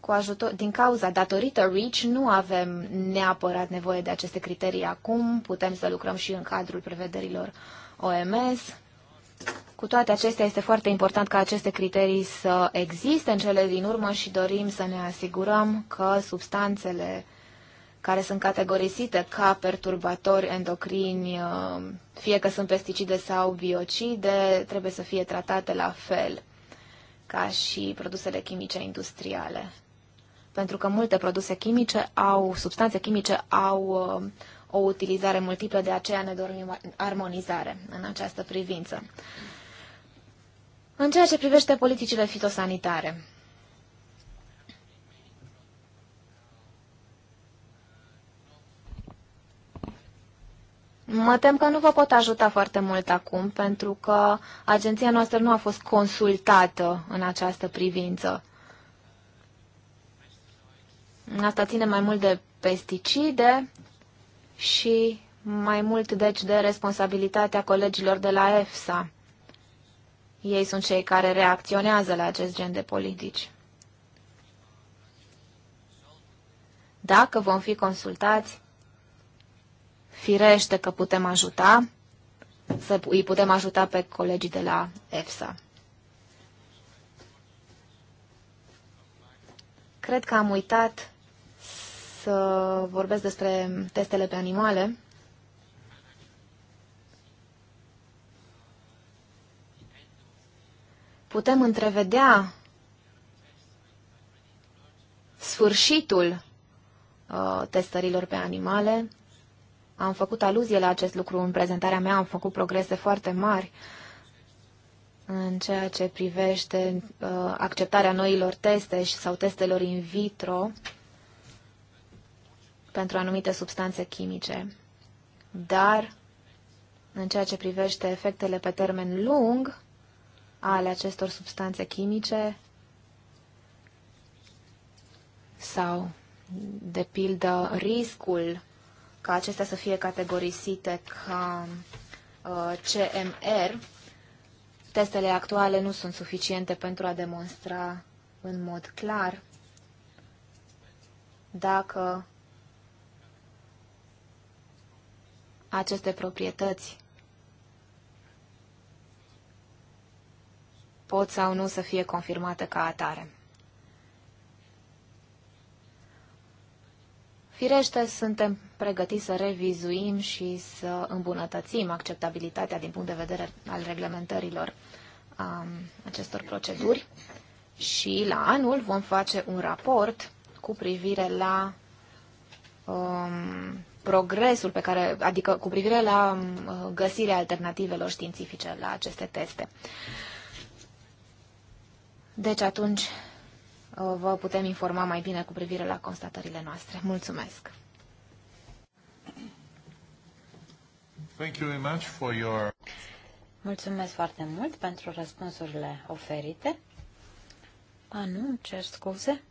cu ajutor, din cauza, datorită REACH, nu avem neapărat nevoie de aceste criterii acum, putem să lucrăm și în cadrul prevederilor OMS. Cu toate acestea, este foarte important ca aceste criterii să existe în cele din urmă și dorim să ne asigurăm că substanțele care sunt categorisite ca perturbatori endocrini, uh, fie că sunt pesticide sau biocide, trebuie să fie tratate la fel ca și produsele chimice industriale. Pentru că multe produse chimice au, substanțe chimice au uh, o utilizare multiplă, de aceea ne dorim armonizare în această privință. În ceea ce privește politicile fitosanitare, Mă tem că nu vă pot ajuta foarte mult acum, pentru că agenția noastră nu a fost consultată în această privință. Asta ține mai mult de pesticide și mai mult deci de responsabilitatea colegilor de la EFSA. Ei sunt cei care reacționează la acest gen de politici. Dacă vom fi consultați, Firește că putem ajuta, să îi putem ajuta pe colegii de la EFSA. Cred că am uitat să vorbesc despre testele pe animale. Putem întrevedea sfârșitul uh, testărilor pe animale, am făcut aluzie la acest lucru în prezentarea mea, am făcut progrese foarte mari în ceea ce privește uh, acceptarea noilor teste și sau testelor in vitro pentru anumite substanțe chimice. Dar, în ceea ce privește efectele pe termen lung ale acestor substanțe chimice sau, de pildă, riscul ca acestea să fie categorisite ca uh, CMR, testele actuale nu sunt suficiente pentru a demonstra în mod clar dacă aceste proprietăți pot sau nu să fie confirmate ca atare. Firește, suntem pregătiți să revizuim și să îmbunătățim acceptabilitatea din punct de vedere al reglementărilor um, acestor proceduri și la anul vom face un raport cu privire la um, progresul pe care, adică cu privire la um, găsirea alternativelor științifice la aceste teste. Deci atunci uh, vă putem informa mai bine cu privire la constatările noastre. Mulțumesc! Thank you very much for your... Mulțumesc foarte mult pentru răspunsurile oferite. A, nu, îmi cer scuze.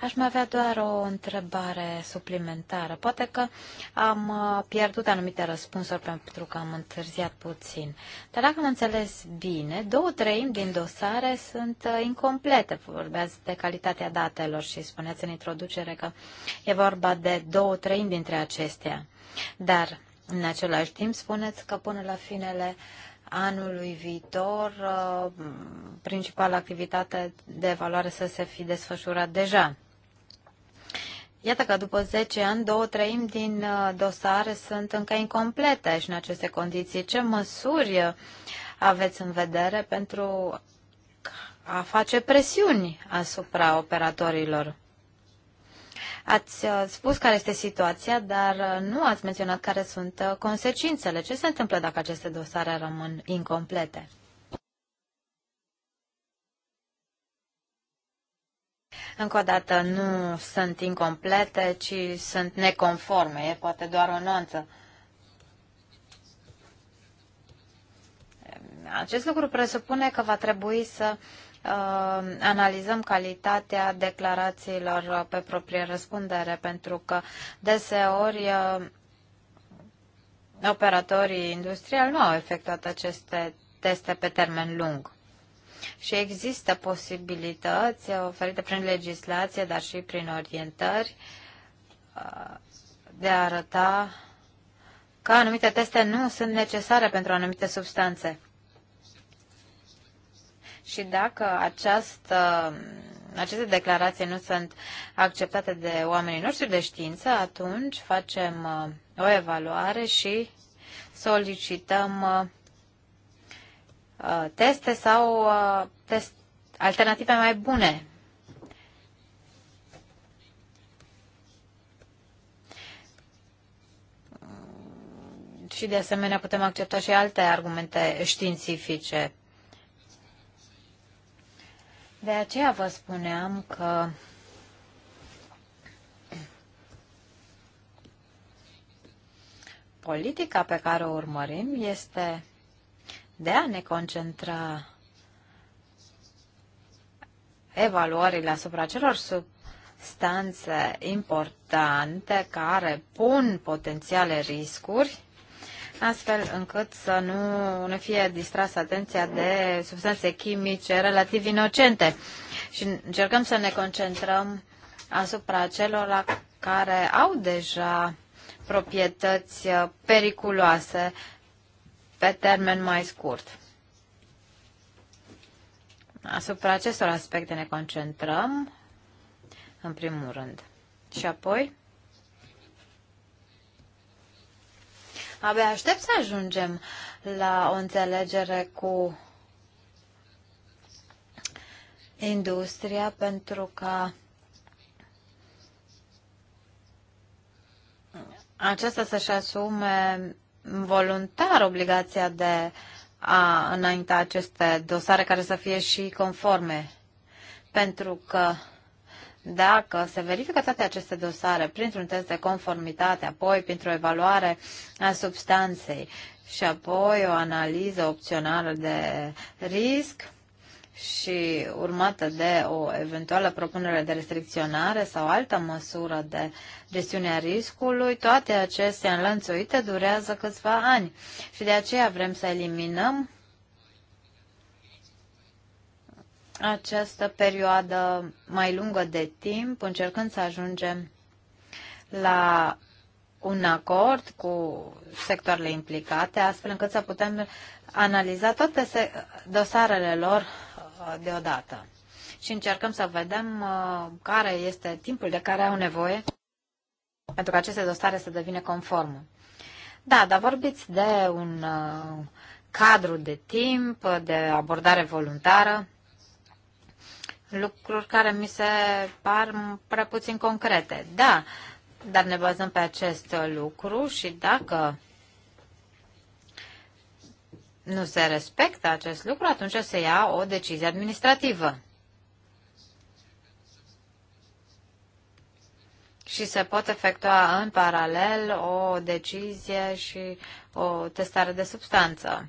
Aș mai avea doar o întrebare suplimentară. Poate că am uh, pierdut anumite răspunsuri pentru că am întârziat puțin. Dar dacă am înțeles bine, două treimi din dosare sunt uh, incomplete. Vorbeați de calitatea datelor și spuneți în introducere că e vorba de două treimi dintre acestea. Dar în același timp, spuneți că până la finele anului viitor, uh, principala activitate de evaluare să se fi desfășurat deja. Iată că după 10 ani, două treimi din uh, dosare sunt încă incomplete și în aceste condiții. Ce măsuri aveți în vedere pentru a face presiuni asupra operatorilor? Ați uh, spus care este situația, dar uh, nu ați menționat care sunt uh, consecințele. Ce se întâmplă dacă aceste dosare rămân incomplete? Încă o dată, nu sunt incomplete, ci sunt neconforme. E poate doar o nuanță. Acest lucru presupune că va trebui să Uh, analizăm calitatea declarațiilor pe proprie răspundere, pentru că deseori uh, operatorii industriali nu au efectuat aceste teste pe termen lung. Și există posibilități oferite prin legislație, dar și prin orientări, uh, de a arăta că anumite teste nu sunt necesare pentru anumite substanțe. Și dacă această, aceste declarații nu sunt acceptate de oamenii noștri de știință, atunci facem uh, o evaluare și solicităm uh, uh, teste sau test, alternative mai bune și de asemenea putem accepta și alte argumente științifice. De aceea vă spuneam că politica pe care o urmărim este de a ne concentra evaluările asupra celor substanțe importante care pun potențiale riscuri astfel încât să nu ne fie distrasă atenția de substanțe chimice relativ inocente. Și încercăm să ne concentrăm asupra celor la care au deja proprietăți uh, periculoase pe termen mai scurt. Asupra acestor aspecte ne concentrăm, în primul rând. Și apoi, Abia aștept să ajungem la o înțelegere cu industria pentru că acesta să-și asume voluntar obligația de a înainta aceste dosare care să fie și conforme. Pentru că dacă se verifică toate aceste dosare printr-un test de conformitate, apoi printr-o evaluare a substanței și apoi o analiză opțională de risc, și urmată de o eventuală propunere de restricționare sau altă măsură de gestiune a riscului, toate acestea înlănțuite durează câțiva ani și de aceea vrem să eliminăm această perioadă mai lungă de timp, încercând să ajungem la un acord cu sectoarele implicate, astfel încât să putem analiza toate dosarele lor uh, deodată. Și încercăm să vedem uh, care este timpul de care au nevoie pentru că aceste dosare să devină conformă. Da, dar vorbiți de un uh, cadru de timp, de abordare voluntară lucruri care mi se par prea puțin concrete. Da, dar ne bazăm pe acest lucru și dacă nu se respectă acest lucru, atunci se ia o decizie administrativă. Și se pot efectua în paralel o decizie și o testare de substanță.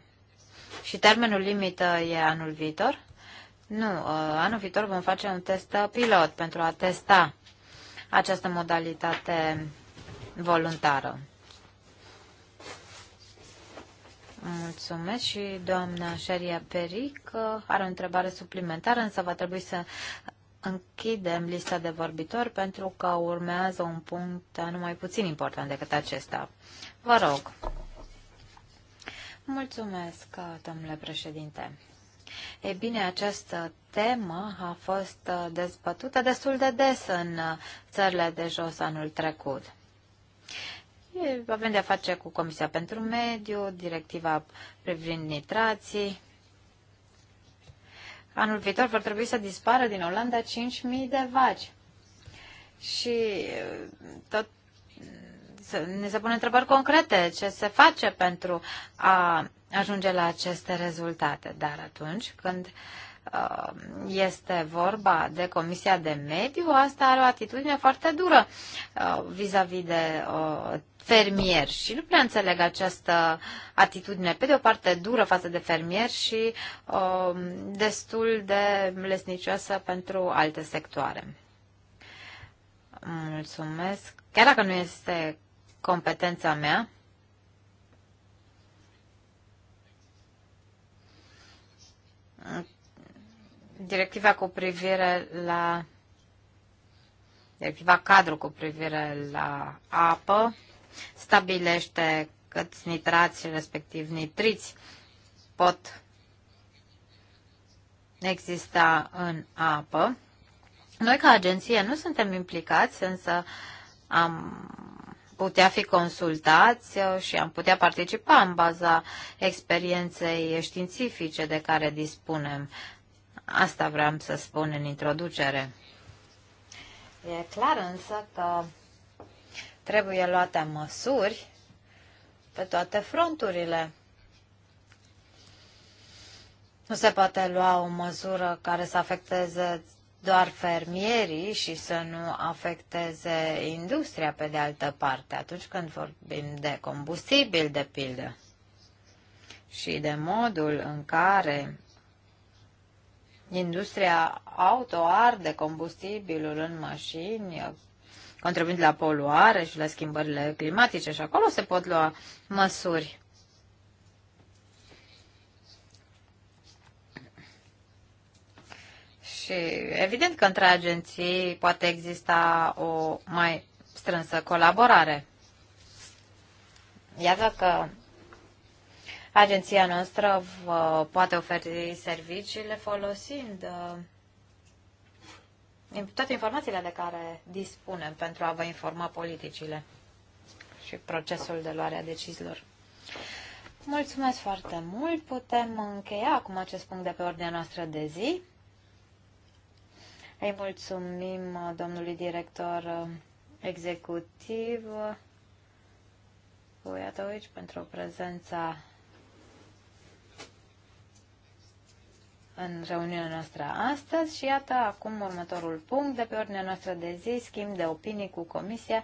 Și termenul limită e anul viitor? Nu, uh, anul viitor vom face un test pilot pentru a testa această modalitate voluntară. Mulțumesc și doamna Șaria Peric are o întrebare suplimentară, însă va trebui să închidem lista de vorbitori pentru că urmează un punct nu mai puțin important decât acesta. Vă rog. Mulțumesc, domnule președinte. E bine, această temă a fost uh, dezbătută destul de des în uh, țările de jos anul trecut. Avem de-a face cu Comisia pentru Mediu, directiva privind nitrații. Anul viitor vor trebui să dispară din Olanda 5.000 de vaci. Și uh, tot ne se pun întrebări concrete, ce se face pentru a ajunge la aceste rezultate. Dar atunci când uh, este vorba de Comisia de Mediu, asta are o atitudine foarte dură uh, vis-a-vis -vis de uh, fermier și nu prea înțeleg această atitudine, pe de o parte dură față de fermier și destul de lesnicioasă pentru alte sectoare. Mulțumesc. Chiar dacă nu este competența mea. Directiva cu privire la directiva cadru cu privire la apă stabilește câți nitrați, respectiv nitriți, pot exista în apă. Noi, ca agenție, nu suntem implicați, însă am putea fi consultați uh, și am putea participa în baza experienței științifice de care dispunem. Asta vreau să spun în introducere. E clar însă că trebuie luate măsuri pe toate fronturile. Nu se poate lua o măsură care să afecteze doar fermierii și să nu afecteze industria pe de altă parte, atunci când vorbim de combustibil, de pildă, și de modul în care industria auto arde combustibilul în mașini, contribuind la poluare și la schimbările climatice și acolo se pot lua măsuri. Și evident că între agenții poate exista o mai strânsă colaborare. Iată că agenția noastră vă poate oferi serviciile folosind uh, toate informațiile de care dispunem pentru a vă informa politicile și procesul de luare a deciziilor. Mulțumesc foarte mult! Putem încheia acum acest punct de pe ordinea noastră de zi. Îi mulțumim uh, domnului director uh, executiv iată aici pentru prezența în reuniunea noastră astăzi și iată acum următorul punct de pe ordinea noastră de zi, schimb de opinii cu Comisia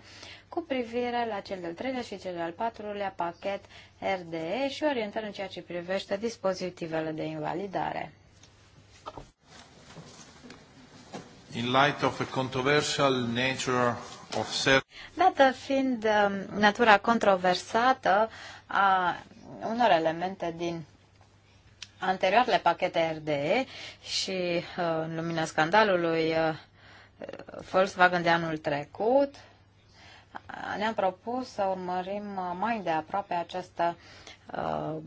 cu privire la cel de-al treilea și cel de-al patrulea pachet RDE și orientări în ceea ce privește dispozitivele de invalidare in light of controversial nature of Dată fiind um, natura controversată a unor elemente din anterioarele pachete RDE și uh, în lumina scandalului uh, Volkswagen de anul trecut, ne-am propus să urmărim uh, mai de aproape această Um,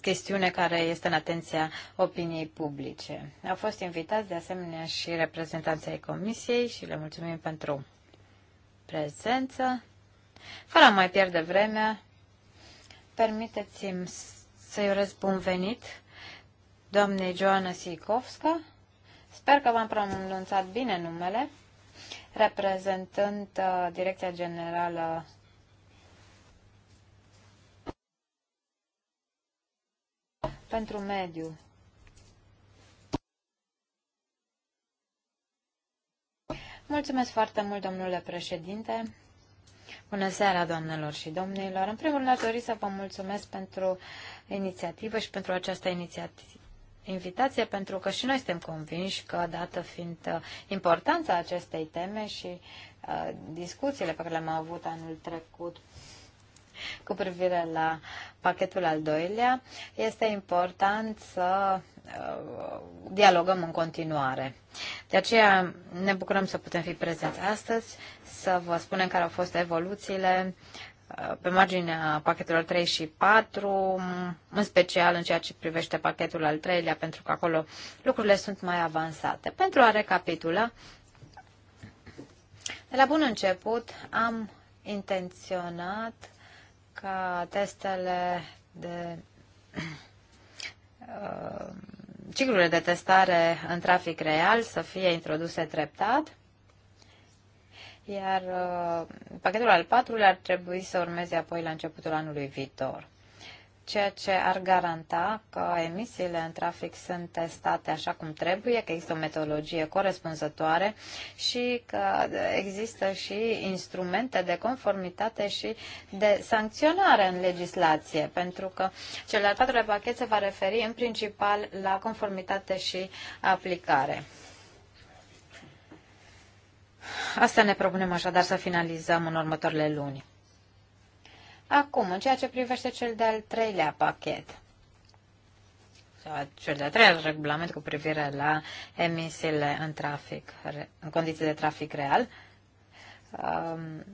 chestiune care este în atenția opiniei publice. Au fost invitați de asemenea și reprezentanții ai Comisiei și le mulțumim pentru prezență. Fără a mai pierde vremea, permiteți-mi să-i urez bun venit doamnei Joana Sikovska. Sper că v-am pronunțat bine numele, reprezentând uh, Direcția Generală pentru mediu. Mulțumesc foarte mult, domnule președinte. Bună seara, doamnelor și domnilor. În primul rând, aș dori să vă mulțumesc pentru inițiativă și pentru această inițiativă invitație pentru că și noi suntem convinși că, dată fiind uh, importanța acestei teme și uh, discuțiile pe care le-am avut anul trecut cu privire la pachetul al doilea, este important să uh, dialogăm în continuare. De aceea ne bucurăm să putem fi prezenți astăzi, să vă spunem care au fost evoluțiile uh, pe marginea pachetelor 3 și 4, în special în ceea ce privește pachetul al treilea, pentru că acolo lucrurile sunt mai avansate. Pentru a recapitula, de la bun început am intenționat ca testele de uh, ciclurile de testare în trafic real să fie introduse treptat, iar uh, pachetul al patrulea ar trebui să urmeze apoi la începutul anului viitor ceea ce ar garanta că emisiile în trafic sunt testate așa cum trebuie, că există o metodologie corespunzătoare și că există și instrumente de conformitate și de sancționare în legislație, pentru că cel de-al patrulea pachet se va referi în principal la conformitate și aplicare. Asta ne propunem așadar să finalizăm în următoarele luni. Acum, în ceea ce privește cel de-al treilea pachet, sau cel de-al treilea regulament cu privire la emisiile în trafic, în condiții de trafic real, um,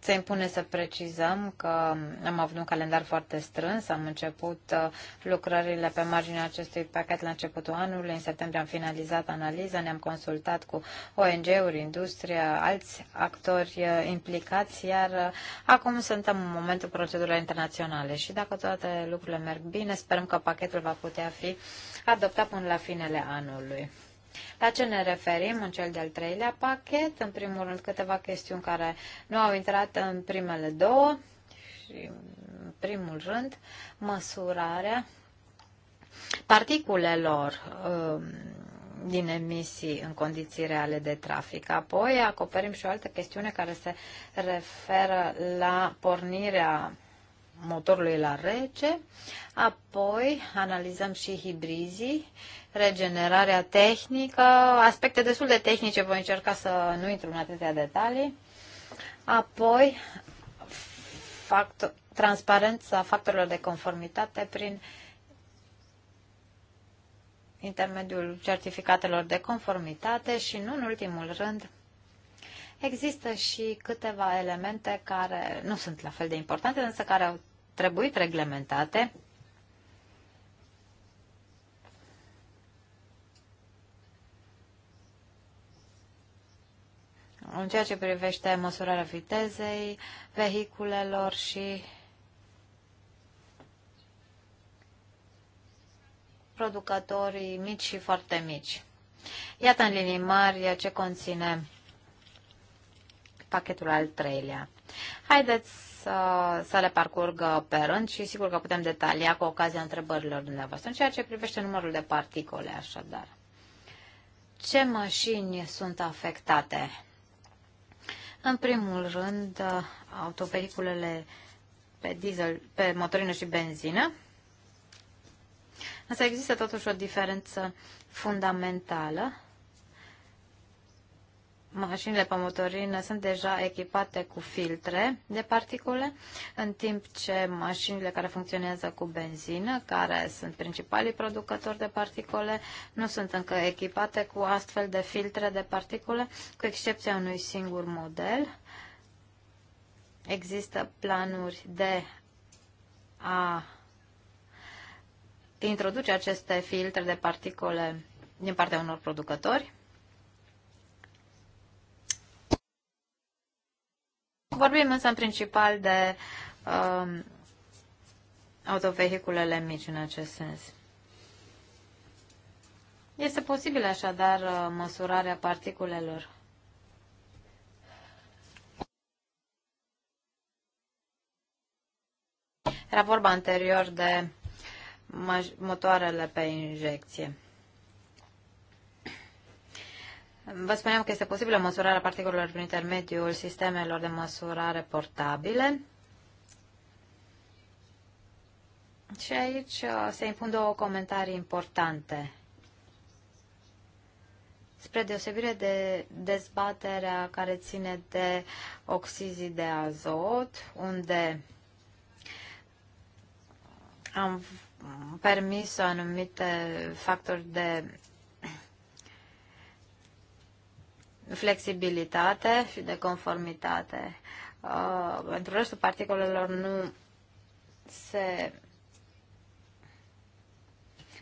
se impune să precizăm că am avut un calendar foarte strâns, am început uh, lucrările pe marginea acestui pachet la începutul anului, în septembrie am finalizat analiza, ne-am consultat cu ONG-uri, industria, alți actori uh, implicați, iar uh, acum suntem în momentul procedurilor internaționale și dacă toate lucrurile merg bine, sperăm că pachetul va putea fi adoptat până la finele anului. La ce ne referim în cel de-al treilea pachet? În primul rând, câteva chestiuni care nu au intrat în primele două. Și, în primul rând, măsurarea particulelor um, din emisii în condiții reale de trafic. Apoi acoperim și o altă chestiune care se referă la pornirea motorul e la rece, apoi analizăm și hibrizii, regenerarea tehnică, aspecte destul de tehnice, voi încerca să nu intru în atâtea detalii, apoi factor, transparența factorilor de conformitate prin intermediul certificatelor de conformitate și, nu în ultimul rând, Există și câteva elemente care nu sunt la fel de importante, însă care au trebuit reglementate. În ceea ce privește măsurarea vitezei vehiculelor și producătorii mici și foarte mici. Iată în linii mari ce conține pachetul al treilea. Haideți să, să le parcurgă pe rând și sigur că putem detalia cu ocazia întrebărilor dumneavoastră în ceea ce privește numărul de particole, așadar. Ce mașini sunt afectate? În primul rând, autovehiculele pe diesel, pe motorină și benzină. Însă există totuși o diferență fundamentală mașinile pe motorină sunt deja echipate cu filtre de particule, în timp ce mașinile care funcționează cu benzină, care sunt principalii producători de particule, nu sunt încă echipate cu astfel de filtre de particule, cu excepția unui singur model. Există planuri de a introduce aceste filtre de particule din partea unor producători Vorbim însă în principal de um, autovehiculele mici în acest sens. Este posibil așadar uh, măsurarea particulelor. Era vorba anterior de motoarele pe injecție. Vă spuneam că este posibilă măsurarea particulelor prin intermediul sistemelor de măsurare portabile. Și aici uh, se impun două comentarii importante. Spre deosebire de dezbaterea care ține de oxizii de azot, unde am permis anumite factori de flexibilitate și de conformitate. Uh, pentru restul particolelor nu se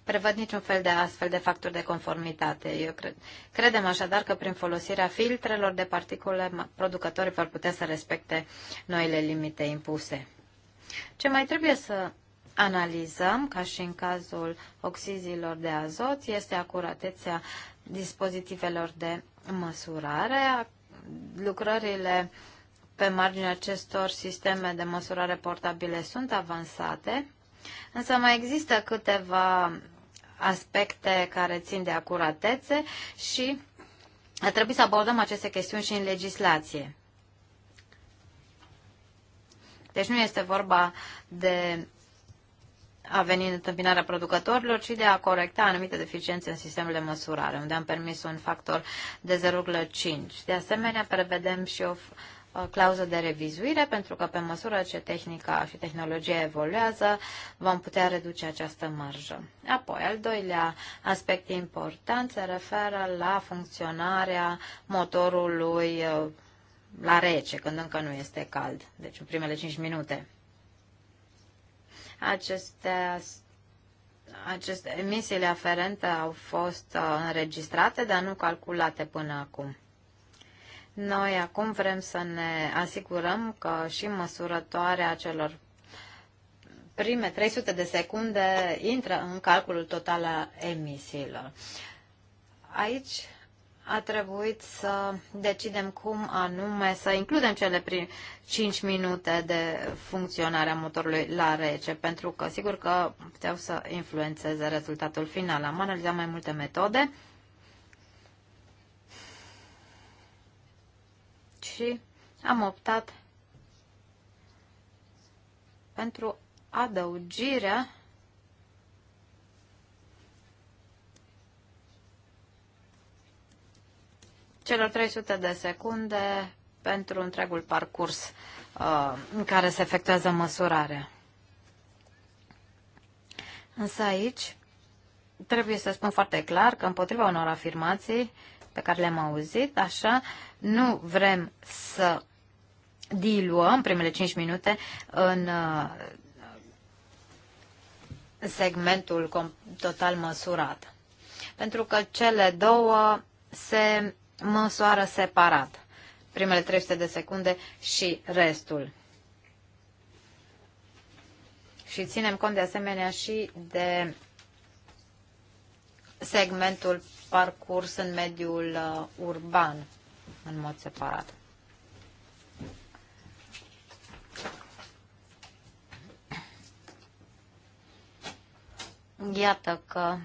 prevăd niciun fel de astfel de factori de conformitate. Eu cred, credem așadar că prin folosirea filtrelor de particule, producătorii vor putea să respecte noile limite impuse. Ce mai trebuie să analizăm, ca și în cazul oxizilor de azot, este acuratețea dispozitivelor de măsurare. Lucrările pe marginea acestor sisteme de măsurare portabile sunt avansate, însă mai există câteva aspecte care țin de acuratețe și a trebuit să abordăm aceste chestiuni și în legislație. Deci nu este vorba de a venit în întâmpinarea producătorilor, ci de a corecta anumite deficiențe în sistemul de măsurare, unde am permis un factor de 0,5. De asemenea, prevedem și o clauză de revizuire, pentru că pe măsură ce tehnica și tehnologia evoluează, vom putea reduce această marjă. Apoi, al doilea aspect important se referă la funcționarea motorului uh, la rece, când încă nu este cald, deci în primele 5 minute. Aceste, aceste emisiile aferente au fost uh, înregistrate, dar nu calculate până acum. Noi acum vrem să ne asigurăm că și măsurătoarea celor prime 300 de secunde intră în calculul total al emisiilor. Aici a trebuit să decidem cum anume să includem cele prin 5 minute de funcționare a motorului la rece, pentru că sigur că puteau să influențeze rezultatul final. Am analizat mai multe metode și am optat pentru adăugirea celor 300 de secunde pentru întregul parcurs uh, în care se efectuează măsurarea. Însă aici trebuie să spun foarte clar că împotriva unor afirmații pe care le-am auzit, așa, nu vrem să diluăm primele 5 minute în uh, segmentul total măsurat. Pentru că cele două se măsoară separat primele 300 de secunde și restul. Și ținem cont de asemenea și de segmentul parcurs în mediul uh, urban în mod separat. Iată că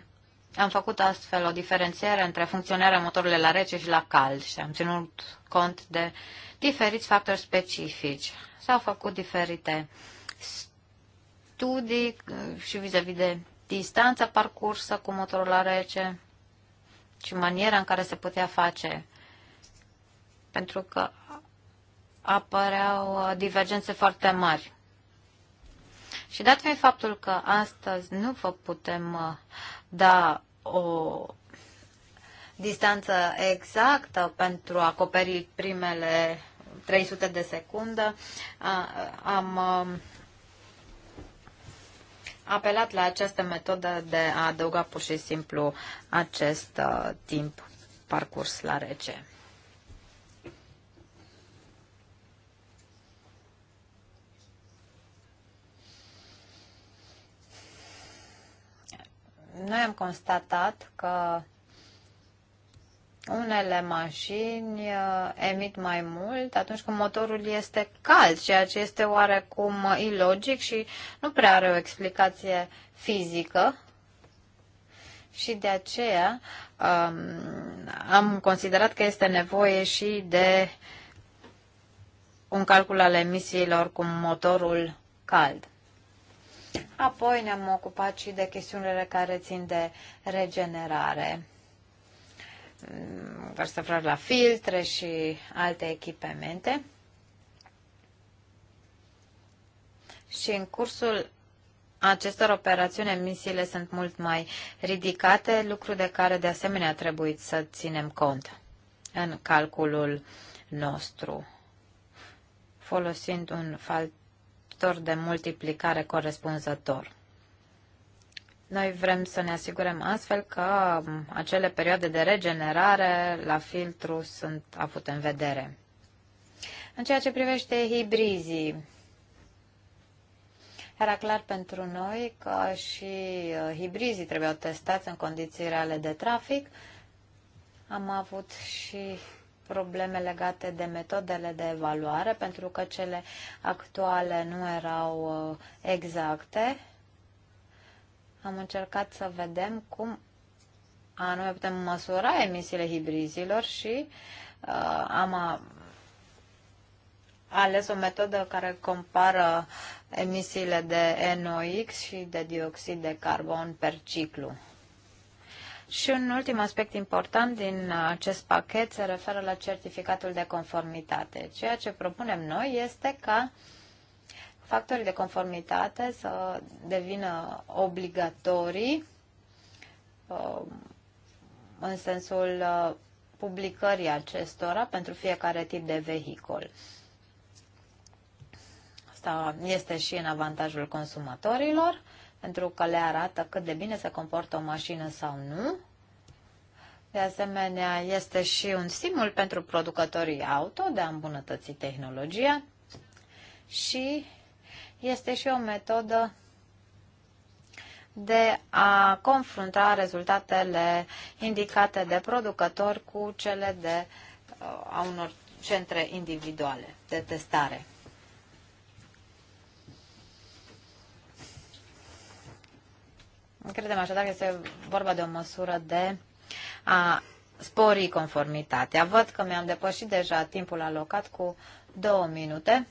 am făcut astfel o diferențiere între funcționarea motorului la rece și la cald și am ținut cont de diferiți factori specifici. S-au făcut diferite studii și vis-a-vis -vis de distanța parcursă cu motorul la rece și maniera în care se putea face. Pentru că apăreau divergențe foarte mari. Și dat fiind faptul că astăzi nu vă putem uh, da o distanță exactă pentru a acoperi primele 300 de secundă, am um, apelat la această metodă de a adăuga pur și simplu acest uh, timp parcurs la rece. noi am constatat că unele mașini uh, emit mai mult atunci când motorul este cald, ceea ce este oarecum ilogic și nu prea are o explicație fizică. Și de aceea um, am considerat că este nevoie și de un calcul al emisiilor cu motorul cald. Apoi ne-am ocupat și de chestiunile care țin de regenerare. Vor să vreau la filtre și alte echipamente. Și în cursul acestor operațiuni emisiile sunt mult mai ridicate, lucru de care de asemenea trebuie să ținem cont în calculul nostru, folosind un factor de multiplicare corespunzător. Noi vrem să ne asigurăm astfel că acele perioade de regenerare la filtru sunt avute în vedere. În ceea ce privește hibrizii, era clar pentru noi că și uh, hibrizii trebuiau testați în condiții reale de trafic. Am avut și probleme legate de metodele de evaluare, pentru că cele actuale nu erau uh, exacte. Am încercat să vedem cum anume putem măsura emisiile hibrizilor și uh, am a, uh, ales o metodă care compară emisiile de NOx și de dioxid de carbon per ciclu. Și un ultim aspect important din acest pachet se referă la certificatul de conformitate. Ceea ce propunem noi este ca factorii de conformitate să devină obligatorii uh, în sensul uh, publicării acestora pentru fiecare tip de vehicul. Asta este și în avantajul consumatorilor pentru că le arată cât de bine se comportă o mașină sau nu. De asemenea, este și un stimul pentru producătorii auto de a îmbunătăți tehnologia și este și o metodă de a confrunta rezultatele indicate de producători cu cele de uh, a unor centre individuale de testare. Credem așadar că este vorba de o măsură de a spori conformitatea. Văd că mi-am depășit deja timpul alocat cu două minute.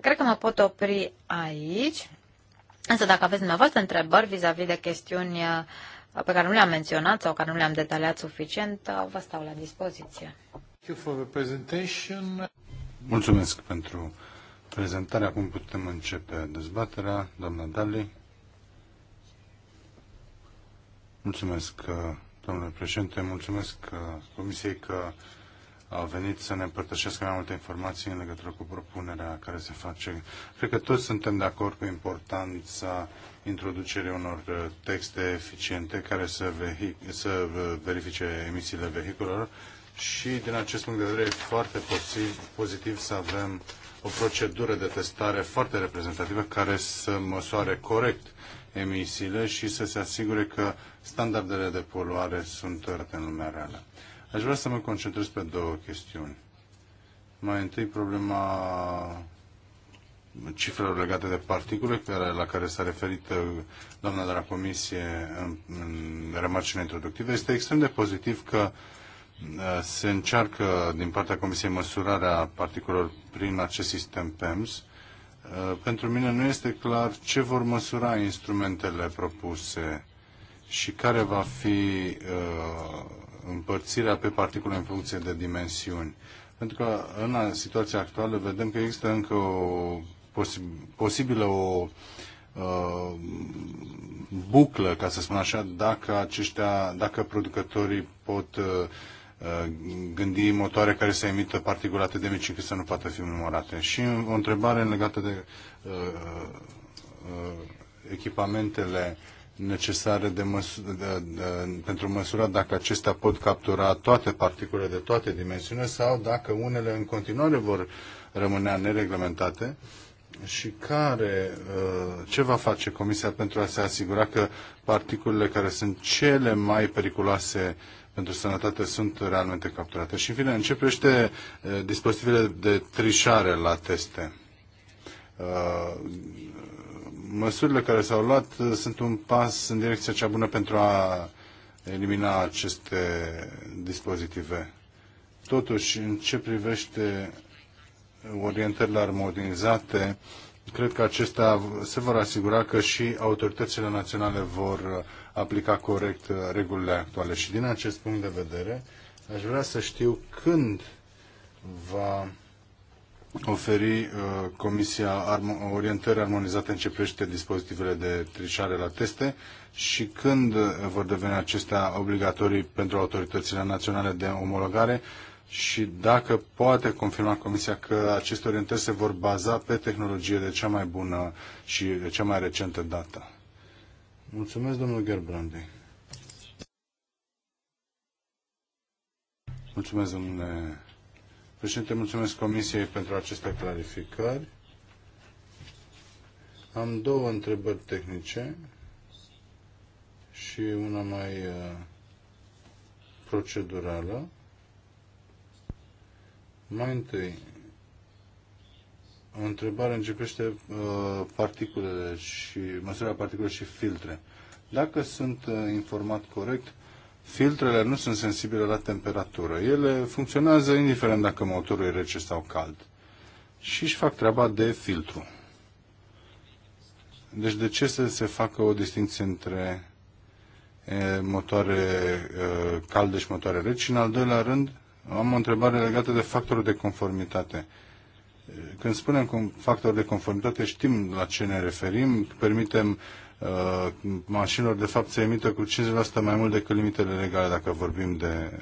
Cred că mă pot opri aici. Însă dacă aveți dumneavoastră întrebări vis-a-vis -vis de chestiuni uh, pe care nu le-am menționat sau care nu le-am detaliat suficient, uh, vă stau la dispoziție. Mulțumesc pentru prezentare. Acum putem începe dezbaterea. Doamna Dali. Mulțumesc, uh, domnule președinte, mulțumesc uh, Comisiei că au venit să ne împărtășească mai multe informații în legătură cu propunerea care se face. Cred că toți suntem de acord cu importanța introducerii unor uh, texte eficiente care să, vehic- să verifice emisiile vehiculelor și din acest punct de vedere e foarte pozitiv să avem o procedură de testare foarte reprezentativă care să măsoare corect emisiile și să se asigure că standardele de poluare sunt toate în lumea reală. Aș vrea să mă concentrez pe două chestiuni. Mai întâi problema cifrelor legate de particule care, la care s-a referit uh, doamna de la Comisie în, în remarcile introductive. Este extrem de pozitiv că uh, se încearcă din partea Comisiei măsurarea particulelor prin acest sistem PEMS Uh, pentru mine nu este clar ce vor măsura instrumentele propuse și care va fi uh, împărțirea pe particule în funcție de dimensiuni. Pentru că în situația actuală vedem că există încă o posibilă o uh, buclă, ca să spun așa, dacă aceștia, dacă producătorii pot uh, Uh, gândi motoare care să emită particule atât de mici încât să nu poată fi numărate. Și o întrebare legată de uh, uh, echipamentele necesare de măs- de, de, de, pentru măsura dacă acestea pot captura toate particulele de toate dimensiunile sau dacă unele în continuare vor rămâne nereglementate și care, uh, ce va face Comisia pentru a se asigura că particulele care sunt cele mai periculoase uh, pentru sănătate sunt realmente capturate. Și în fine, începește eh, dispozitivele de trișare la teste. Eh, măsurile care s-au luat eh, sunt un pas în direcția cea bună pentru a elimina aceste dispozitive. Totuși, în ce privește orientările armonizate, cred că acestea se vor asigura că și autoritățile naționale vor aplica corect uh, regulile actuale. Și din acest punct de vedere, aș vrea să știu când va oferi uh, Comisia armo- orientări armonizate în ce privește dispozitivele de trișare la teste și când uh, vor deveni acestea obligatorii pentru autoritățile naționale de omologare și dacă poate confirma Comisia că aceste orientări se vor baza pe tehnologie de cea mai bună și de cea mai recentă dată. Mulțumesc, domnul Gerbrandi. Mulțumesc, domnule președinte, mulțumesc Comisiei pentru aceste clarificări. Am două întrebări tehnice și una mai uh, procedurală. Mai întâi, o întrebare începește uh, particulele și măsura particulelor și filtre. Dacă sunt uh, informat corect, filtrele nu sunt sensibile la temperatură. Ele funcționează indiferent dacă motorul e rece sau cald. Și își fac treaba de filtru. Deci de ce să se facă o distinție între motoare calde și motoare reci? în al doilea rând, am o întrebare legată de factorul de conformitate. Când spunem factor de conformitate, știm la ce ne referim, permitem uh, mașinilor de fapt să emită cu 50% mai mult decât limitele legale dacă vorbim de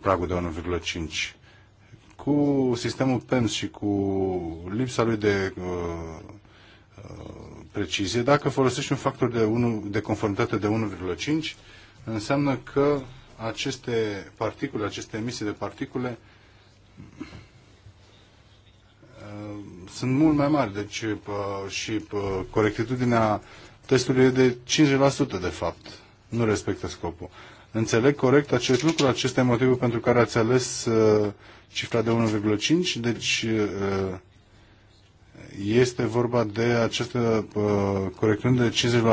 pragul de 1,5. Cu sistemul PEMS și cu lipsa lui de uh, uh precizie, dacă folosești un factor de, 1, de conformitate de 1,5, înseamnă că aceste particule, aceste emisii de particule Ehm, sunt mult mai mari, deci uh, și uh, corectitudinea testului e de 50% de fapt. Nu respectă scopul. Înțeleg corect acest lucru, acesta e motivul pentru care ați ales uh, cifra de 1,5, deci este vorba de această uh, corectând de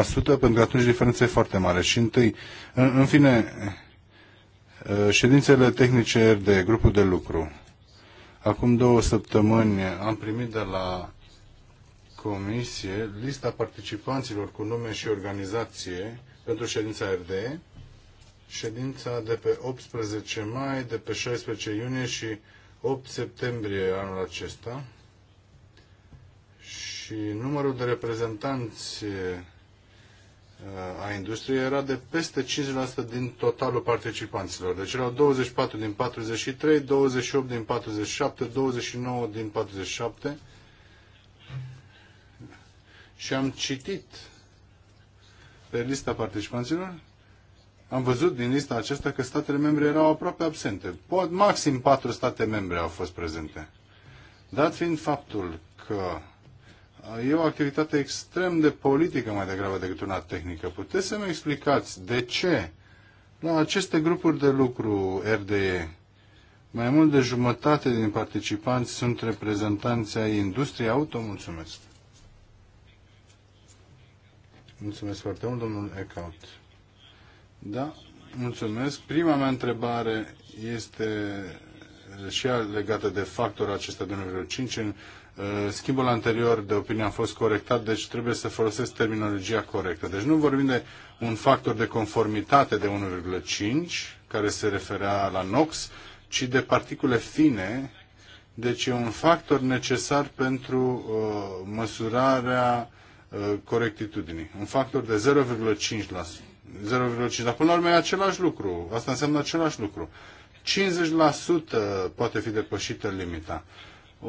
50%, pentru că atunci diferența e foarte mare. Și întâi, în, în fine, uh, ședințele tehnice de grupul de lucru. Acum două săptămâni am primit de la Comisie lista participanților cu nume și organizație pentru ședința RD, ședința de pe 18 mai, de pe 16 iunie și 8 septembrie anul acesta și numărul de reprezentanți a industriei era de peste 50 din totalul participanților. Deci erau 24 din 43, 28 din 47, 29 din 47. Și am citit pe lista participanților, am văzut din lista aceasta că statele membre erau aproape absente. Pot, maxim patru state membre au fost prezente. Dat fiind faptul că E o activitate extrem de politică mai degrabă decât una tehnică. Puteți să-mi explicați de ce la aceste grupuri de lucru RDE mai mult de jumătate din participanți sunt reprezentanți ai industriei auto? Mulțumesc! Mulțumesc foarte mult, domnul Ecaut. Da, mulțumesc. Prima mea întrebare este și ea legată de factorul acesta de 1,5. În Schimbul anterior de opinie a fost corectat, deci trebuie să folosesc terminologia corectă. Deci nu vorbim de un factor de conformitate de 1,5, care se referea la NOx, ci de particule fine, deci e un factor necesar pentru uh, măsurarea uh, corectitudinii. Un factor de 0,5 la 0,5, dar până la urmă e același lucru. Asta înseamnă același lucru. 50% poate fi depășită limita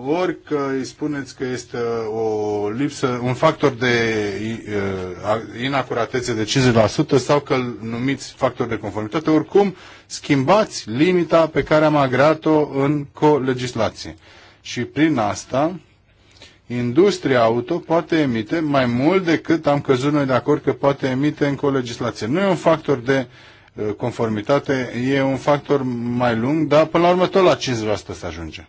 ori că îi spuneți că este o lipsă, un factor de uh, inacuratețe de 50% sau că îl numiți factor de conformitate, oricum schimbați limita pe care am agreat-o în co-legislație. Și prin asta, industria auto poate emite mai mult decât am căzut noi de acord că poate emite în colegislație. Nu e un factor de uh, conformitate, e un factor mai lung, dar până la urmă tot la 50% se ajunge.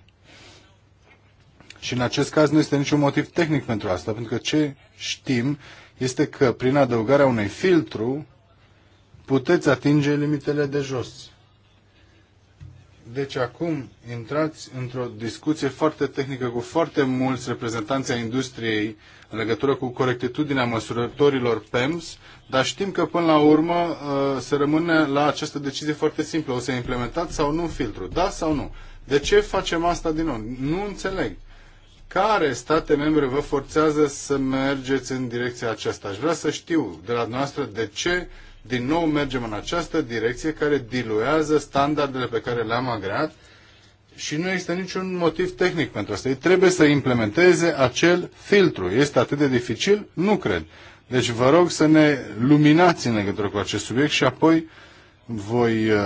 Și în acest caz nu este niciun motiv tehnic pentru asta, pentru că ce știm este că prin adăugarea unui filtru puteți atinge limitele de jos. Deci acum intrați într-o discuție foarte tehnică cu foarte mulți reprezentanți ai industriei în legătură cu corectitudinea măsurătorilor PEMS, dar știm că până la urmă uh, se rămâne la această decizie foarte simplă. O să implementați sau nu filtru? Da sau nu? De ce facem asta din nou? Nu înțeleg care state membre vă forțează să mergeți în direcția aceasta. Aș vrea să știu de la noastră de ce din nou mergem în această direcție care diluează standardele pe care le-am agreat și nu există niciun motiv tehnic pentru asta. Ei trebuie să implementeze acel filtru. Este atât de dificil? Nu cred. Deci vă rog să ne luminați în legătură cu acest subiect și apoi voi uh,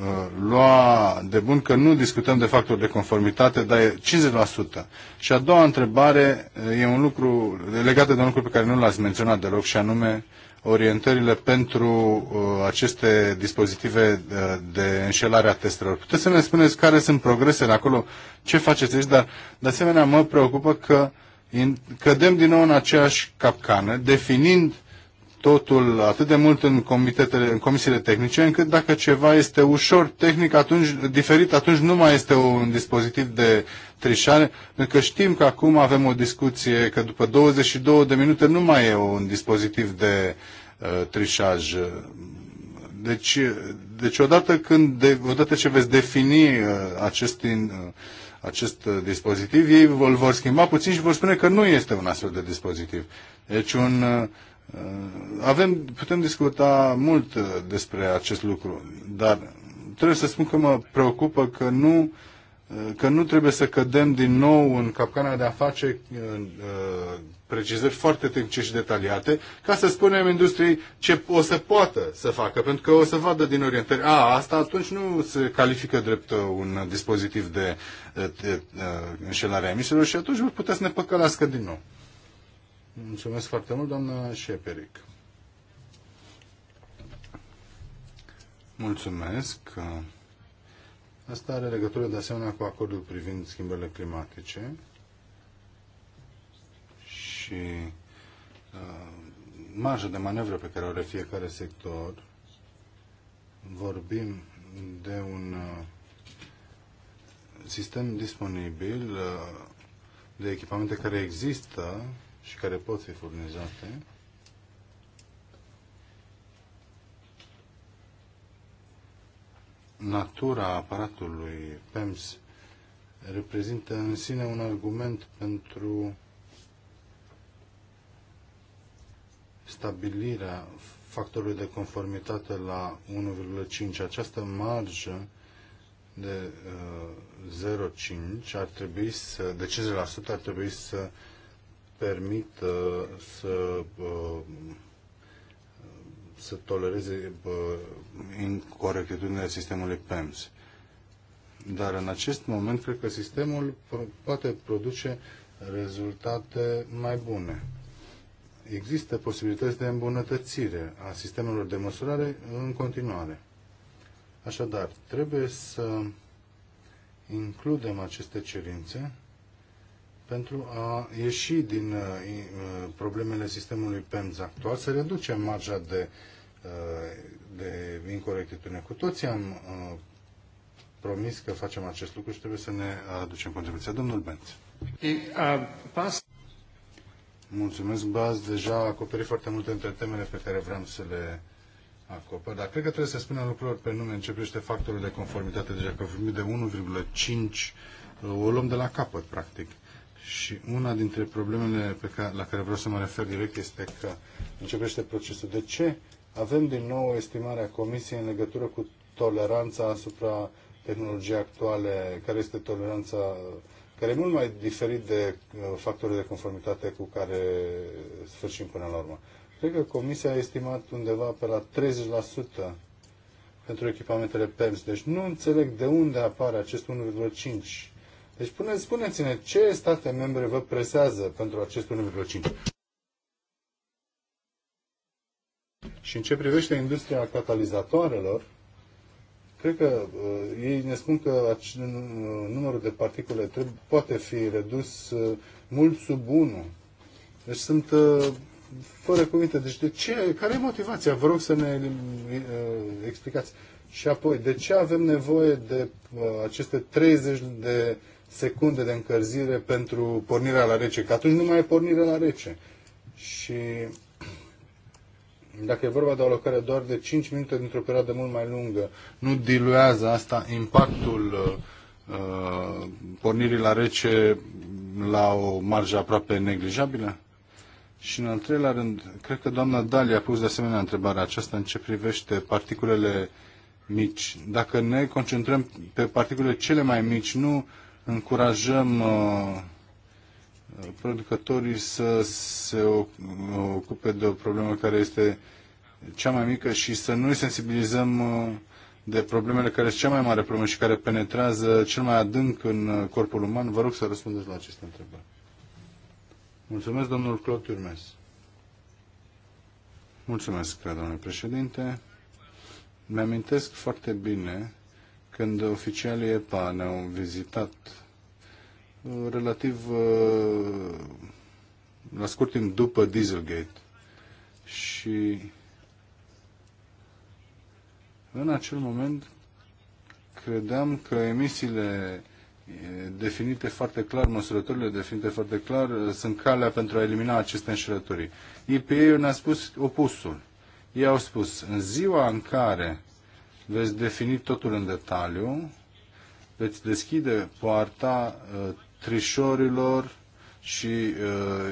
Uh, lua de bun că nu discutăm de factori de conformitate, dar e 50%. Și a doua întrebare uh, e un lucru legat de un lucru pe care nu l-ați menționat deloc și anume orientările pentru uh, aceste dispozitive de, uh, de înșelare a testelor. Puteți să ne spuneți care sunt progresele acolo, ce faceți aici, dar de asemenea mă preocupă că in, cădem din nou în aceeași capcană, definind totul atât de mult în, comitetele, în comisiile tehnice, încât dacă ceva este ușor tehnic, atunci, diferit, atunci nu mai este un dispozitiv de trișare, pentru că știm că acum avem o discuție că după 22 de minute nu mai e un dispozitiv de uh, trișaj. Deci, deci odată, când de, odată ce veți defini uh, acest, uh, acest uh, dispozitiv, ei îl vor schimba puțin și vor spune că nu este un astfel de dispozitiv. Deci un, avem, putem discuta mult despre acest lucru, dar trebuie să spun că mă preocupă că nu uh, că nu trebuie să cădem din nou în capcana de a face uh, uh, precizări foarte tehnice și detaliate, ca să spunem industriei ce o să poată să facă, pentru că o să vadă din orientări, a, asta atunci nu se califică drept uh, un dispozitiv de, de, de înșelare a emisiilor și atunci vor putea să ne păcălească din nou. Mulțumesc foarte mult, doamna Șeperic. Mulțumesc. Asta are legătură de asemenea cu acordul privind schimbările climatice și uh, marja de manevră pe care o are fiecare sector. Vorbim de un uh, sistem disponibil uh, de echipamente care există și care pot fi furnizate natura aparatului PEMS reprezintă în sine un argument pentru stabilirea factorului de conformitate la 1,5. Această marjă de uh, 0,5 ar trebui să, de 50% ar trebui să permită să uh, să tolereze incorrectitudinea sistemului PEMS. Dar în acest moment cred că sistemul poate produce rezultate mai bune. Există posibilități de îmbunătățire a sistemelor de măsurare în continuare. Așadar, trebuie să includem aceste cerințe pentru a ieși din uh, uh, problemele sistemului PEMS actual, să reducem marja de uh, de incorectitudine. Cu toții am uh, promis că facem acest lucru și trebuie să ne aducem contribuția. Domnul Benț. Mulțumesc, Baz. Deja a acoperit foarte multe dintre temele pe care vreau să le acopăr, dar cred că trebuie să spunem lucrurilor pe nume. Începește factorul de conformitate, deja că vorbim de 1,5, uh, o luăm de la capăt, practic. Și una dintre problemele pe care, la care vreau să mă refer direct este că începește procesul. De ce avem din nou estimarea Comisiei în legătură cu toleranța asupra tehnologiei actuale, care este toleranța care e mult mai diferit de uh, factorii de conformitate cu care sfârșim până la urmă. Cred că Comisia a estimat undeva pe la 30% pentru echipamentele PEMS. Deci nu înțeleg de unde apare acest 1,5. Deci spuneți-ne ce state membre vă presează pentru acest 1,5. Și în ce privește industria catalizatoarelor, cred că uh, ei ne spun că uh, numărul de particule trebuie, poate fi redus uh, mult sub 1. Deci sunt uh, fără cuvinte. Deci de ce? Care e motivația? Vă rog să ne uh, explicați. Și apoi, de ce avem nevoie de uh, aceste 30 de secunde de încălzire pentru pornirea la rece? Că atunci nu mai e pornirea la rece. Și dacă e vorba de o alocare doar de 5 minute dintr-o perioadă mult mai lungă, nu diluează asta impactul uh, pornirii la rece la o marjă aproape neglijabilă? Și în al treilea rând, cred că doamna Dalia a pus de asemenea întrebarea aceasta în ce privește particulele mici. Dacă ne concentrăm pe particulele cele mai mici, nu încurajăm uh, producătorii să se ocupe de o problemă care este cea mai mică și să nu îi sensibilizăm uh, de problemele care sunt cea mai mare problemă și care penetrează cel mai adânc în uh, corpul uman. Vă rog să răspundeți la aceste întrebări. Mulțumesc, domnul Claude Turmes. Mulțumesc, domnule președinte. Mi-amintesc foarte bine când oficialii EPA ne-au vizitat relativ uh, la scurt timp după Dieselgate. Și în acel moment credeam că emisiile definite foarte clar, măsurătorile definite foarte clar, uh, sunt calea pentru a elimina aceste înșelătorii. epa ne-a spus opusul. Ei au spus, în ziua în care veți defini totul în detaliu, veți deschide poarta uh, trișorilor și uh,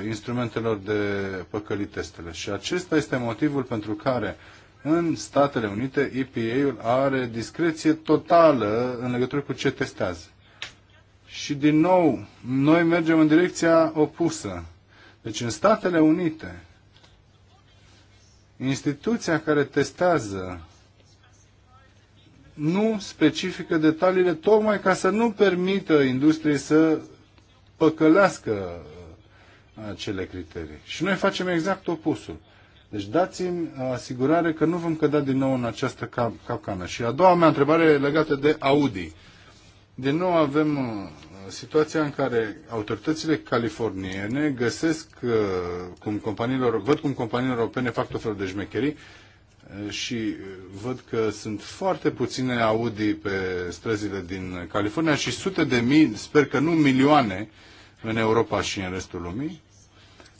instrumentelor de păcălitestele. Și acesta este motivul pentru care în Statele Unite EPA-ul are discreție totală în legătură cu ce testează. Și din nou, noi mergem în direcția opusă. Deci în Statele Unite, instituția care testează nu specifică detaliile tocmai ca să nu permită industriei să păcălească uh, acele criterii. Și noi facem exact opusul. Deci dați-mi asigurare că nu vom cădea din nou în această capcană. Și a doua mea întrebare e legată de Audi. Din nou avem uh, situația în care autoritățile californiene găsesc uh, cum companiilor, văd cum companiile europene fac tot felul de șmecherii și văd că sunt foarte puține Audi pe străzile din California și sute de mii, sper că nu milioane, uh, în Europa și în restul lumii.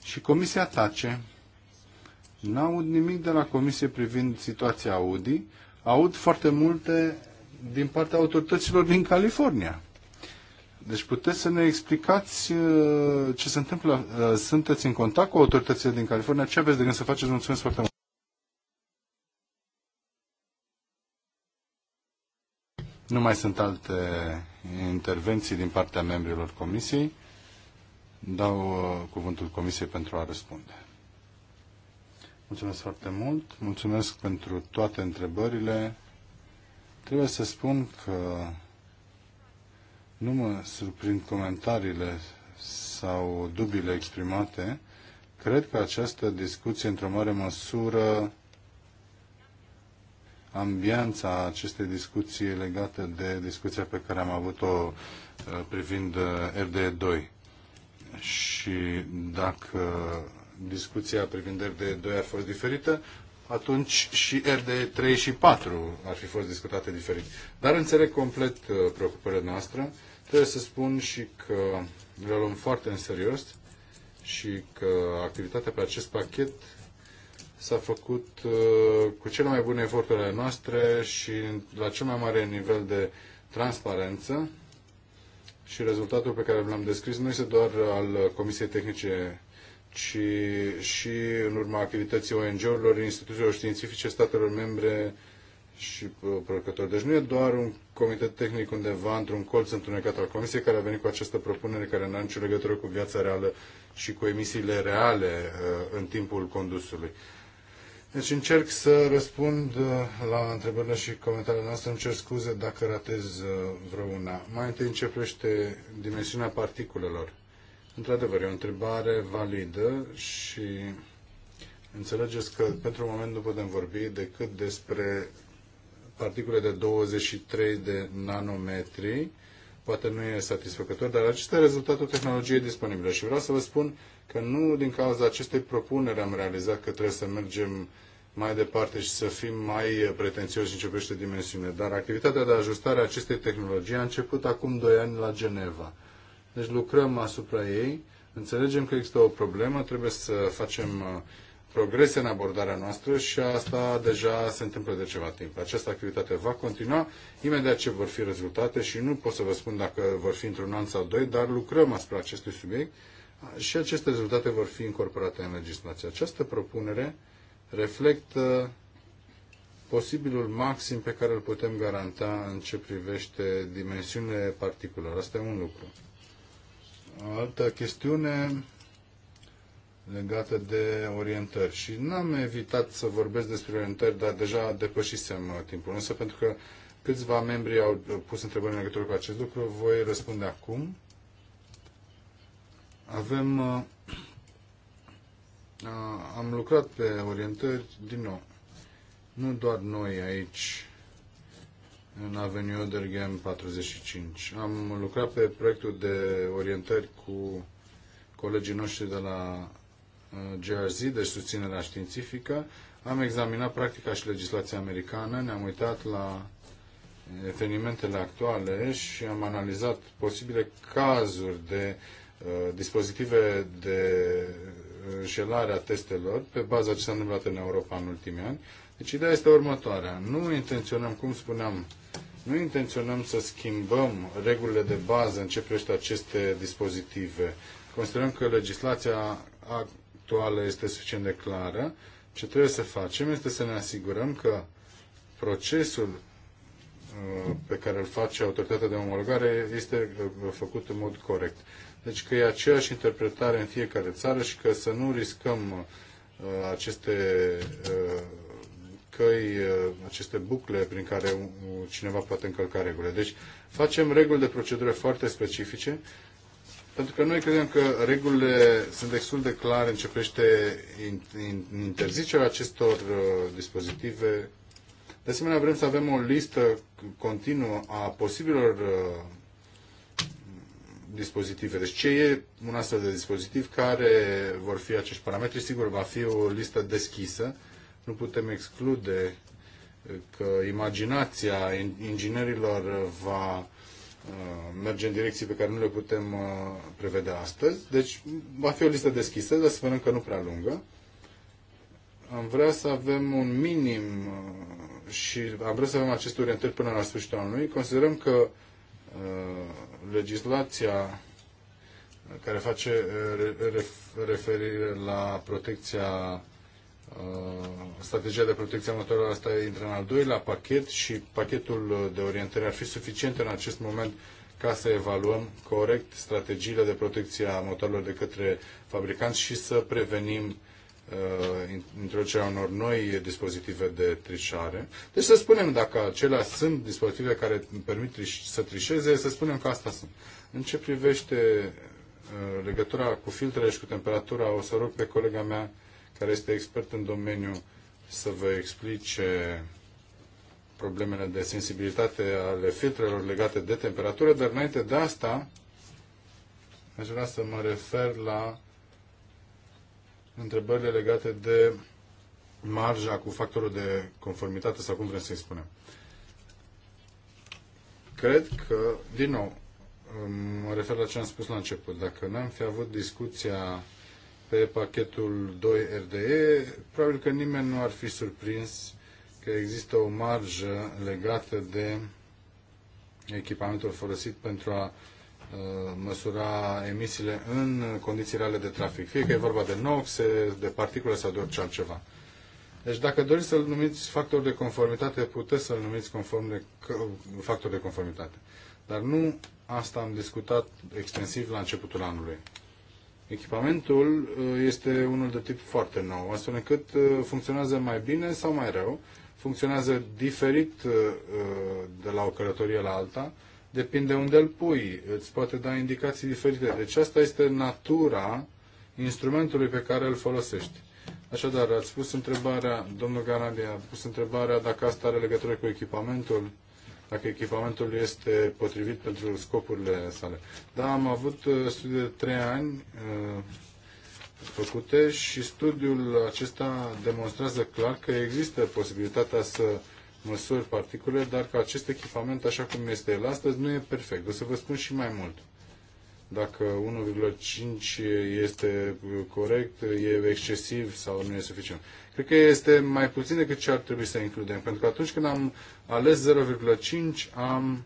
Și Comisia tace. N-aud nimic de la Comisie privind situația Audi. Aud foarte multe din partea autorităților din California. Deci puteți să ne explicați uh, ce se întâmplă. Uh, sunteți în contact cu autoritățile din California? Ce aveți de gând să faceți? Mulțumesc foarte mult! Nu mai sunt alte intervenții din partea membrilor comisiei. Dau uh, cuvântul Comisiei pentru a răspunde. Mulțumesc foarte mult. Mulțumesc pentru toate întrebările. Trebuie să spun că nu mă surprind comentariile sau dubile exprimate. Cred că această discuție, într-o mare măsură, ambianța acestei discuții legată de discuția pe care am avut-o uh, privind uh, RDE 2 și dacă discuția privind RD2 ar fost diferită, atunci și RD3 și 4 ar fi fost discutate diferit. Dar înțeleg complet uh, preocupările noastre. Trebuie să spun și că le luăm foarte în serios și că activitatea pe acest pachet s-a făcut uh, cu cele mai bune eforturile noastre și la cel mai mare nivel de transparență și rezultatul pe care l-am descris nu este doar al Comisiei Tehnice, ci și în urma activității ONG-urilor, instituțiilor științifice, statelor membre și uh, producători. Deci nu e doar un comitet tehnic undeva într-un colț întunecat al Comisiei care a venit cu această propunere care nu are nicio legătură cu viața reală și cu emisiile reale uh, în timpul condusului. Deci încerc să răspund uh, la întrebările și comentariile noastre. Îmi cer scuze dacă ratez uh, vreuna. Mai întâi începește dimensiunea particulelor. Într-adevăr, e o întrebare validă și înțelegeți că pentru moment nu putem vorbi decât despre particule de 23 de nanometri. Poate nu e satisfăcător, dar acesta e rezultatul tehnologiei disponibile. Și vreau să vă spun că nu din cauza acestei propuneri am realizat că trebuie să mergem mai departe și să fim mai pretențioși în ce privește dimensiunea. Dar activitatea de ajustare a acestei tehnologii a început acum 2 ani la Geneva. Deci lucrăm asupra ei, înțelegem că există o problemă, trebuie să facem uh, progrese în abordarea noastră și asta deja se întâmplă de ceva timp. Această activitate va continua imediat ce vor fi rezultate și nu pot să vă spun dacă vor fi într-un an sau doi, dar lucrăm asupra acestui subiect și aceste rezultate vor fi incorporate în legislație. Această propunere reflectă posibilul maxim pe care îl putem garanta în ce privește dimensiune particulară. Asta e un lucru. O altă chestiune legată de orientări. Și n-am evitat să vorbesc despre orientări, dar deja depășisem uh, timpul. Însă pentru că câțiva membri au pus întrebări în legătură cu acest lucru, voi răspunde acum. Avem, uh, uh, am lucrat pe orientări, din nou, nu doar noi aici, în Avenue Game 45. Am lucrat pe proiectul de orientări cu colegii noștri de la uh, GRZ, deci susținerea științifică. Am examinat practica și legislația americană, ne-am uitat la evenimentele actuale și am analizat posibile cazuri de Uh, dispozitive de înșelare a testelor pe baza ce s-a întâmplat în Europa în ultimii ani. Deci ideea este următoarea. Nu intenționăm, cum spuneam, nu intenționăm să schimbăm regulile de bază în ce privește aceste dispozitive. Considerăm că legislația actuală este suficient de clară. Ce trebuie să facem este să ne asigurăm că procesul uh, pe care îl face autoritatea de omologare este uh, făcut în mod corect deci că e aceeași interpretare în fiecare țară și că să nu riscăm uh, aceste uh, căi, uh, aceste bucle prin care cineva poate încălca regulile. Deci facem reguli de procedură foarte specifice, pentru că noi credem că regulile sunt destul de clare, începește interzicerea acestor dispozitive. De asemenea, vrem să avem o listă continuă a posibilor dispozitive. Deci ce e un astfel de dispozitiv, care vor fi acești parametri, sigur va fi o listă deschisă. Nu putem exclude că imaginația inginerilor va uh, merge în direcții pe care nu le putem uh, prevedea astăzi. Deci va fi o listă deschisă, dar sperăm că nu prea lungă. Am vrea să avem un minim uh, și am vrea să avem aceste orientări până la sfârșitul anului. Considerăm că legislația care face uh, referire la protecția uh, strategia de protecție a motorilor, asta intră în al doilea pachet și pachetul de orientare ar fi suficient în acest moment ca să evaluăm corect strategiile de protecție a motorilor de către fabricanți și să prevenim Uh, introducerea unor noi dispozitive de trișare. Deci să spunem dacă acelea sunt dispozitive care permit triș- să trișeze, să spunem că asta sunt. În ce privește uh, legătura cu filtrele și cu temperatura, o să rog pe colega mea, care este expert în domeniu, să vă explice problemele de sensibilitate ale filtrelor legate de temperatură, dar înainte de asta aș vrea să mă refer la întrebările legate de marja cu factorul de conformitate sau cum vrem să-i spunem. Cred că, din nou, mă refer la ce am spus la început. Dacă n-am fi avut discuția pe pachetul 2 RDE, probabil că nimeni nu ar fi surprins că există o marjă legată de echipamentul folosit pentru a Uh, măsura emisiile în condiții reale de trafic. Fie că e vorba de NOx, de particule sau de orice altceva. Deci dacă doriți să-l numiți factor de conformitate, puteți să-l numiți conform de, factor de conformitate. Dar nu asta am discutat extensiv la începutul anului. Echipamentul uh, este unul de tip foarte nou, astfel încât uh, funcționează mai bine sau mai rău, funcționează diferit de la o călătorie la alta, depinde unde îl pui, îți poate da indicații diferite. Deci asta este natura instrumentului pe care îl folosești. Așadar, ați pus întrebarea, domnul Garandia a pus întrebarea dacă asta are legătură cu echipamentul, dacă echipamentul este potrivit pentru scopurile sale. Da, am avut uh, studii de trei ani uh, făcute și studiul acesta demonstrează clar că există posibilitatea să măsuri particule, dar că acest echipament, așa cum este el astăzi, nu e perfect. O să vă spun și mai mult. Dacă 1,5 este corect, e excesiv sau nu e suficient. Cred că este mai puțin decât ce ar trebui să includem, pentru că atunci când am ales 0,5, am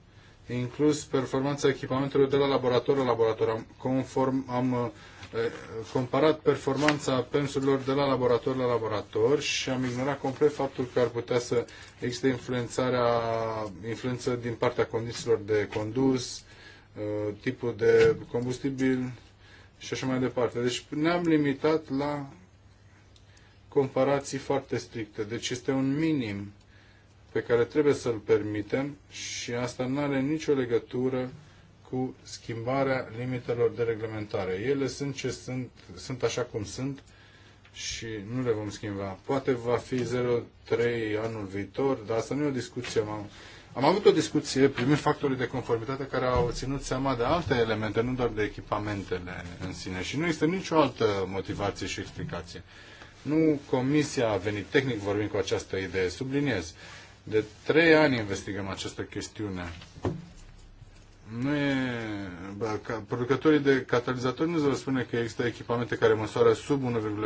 inclus performanța echipamentelor de la laborator la laborator. Am, conform, am uh, Eh, comparat performanța pensurilor de la laborator la laborator și am ignorat complet faptul că ar putea să existe influențarea, influență din partea condițiilor de condus, eh, tipul de combustibil și așa mai departe. Deci ne-am limitat la comparații foarte stricte. Deci este un minim pe care trebuie să-l permitem și asta nu are nicio legătură cu schimbarea limitelor de reglementare. Ele sunt ce sunt, sunt așa cum sunt și nu le vom schimba. Poate va fi 0,3 anul viitor, dar asta nu e o discuție. Am, am avut o discuție primind factorii de conformitate care au ținut seama de alte elemente, nu doar de echipamentele în sine. Și nu este nicio altă motivație și explicație. Nu comisia a venit tehnic vorbind cu această idee, subliniez. De trei ani investigăm această chestiune nu e, ca, producătorii de catalizatori nu se spune că există echipamente care măsoară sub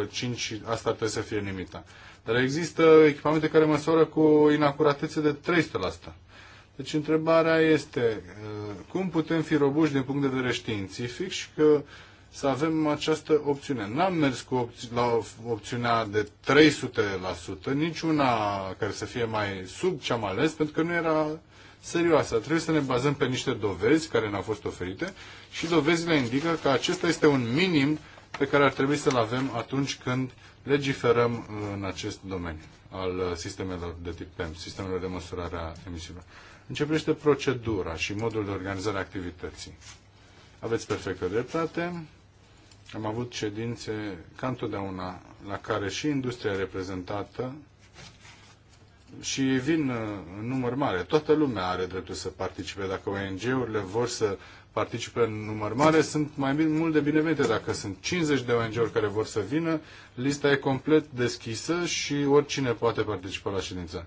1,5 și asta trebuie să fie limita. Dar există echipamente care măsoară cu inacuratețe de 300%. Deci întrebarea este uh, cum putem fi robuși din punct de vedere științific și că să avem această opțiune. N-am mers cu opți- la opțiunea de 300%, niciuna care să fie mai sub ce am ales, pentru că nu era serioasă. Trebuie să ne bazăm pe niște dovezi care ne-au fost oferite și dovezile indică că acesta este un minim pe care ar trebui să-l avem atunci când legiferăm în acest domeniu al sistemelor de tip PEM, sistemelor de măsurare a emisiilor. Începește procedura și modul de organizare a activității. Aveți perfectă dreptate. Am avut ședințe, ca întotdeauna, la care și industria reprezentată și vin uh, în număr mare. Toată lumea are dreptul să participe. Dacă ONG-urile vor să participe în număr mare, sunt mai mult de binevenite. Dacă sunt 50 de ONG-uri care vor să vină, lista e complet deschisă și oricine poate participa la ședință.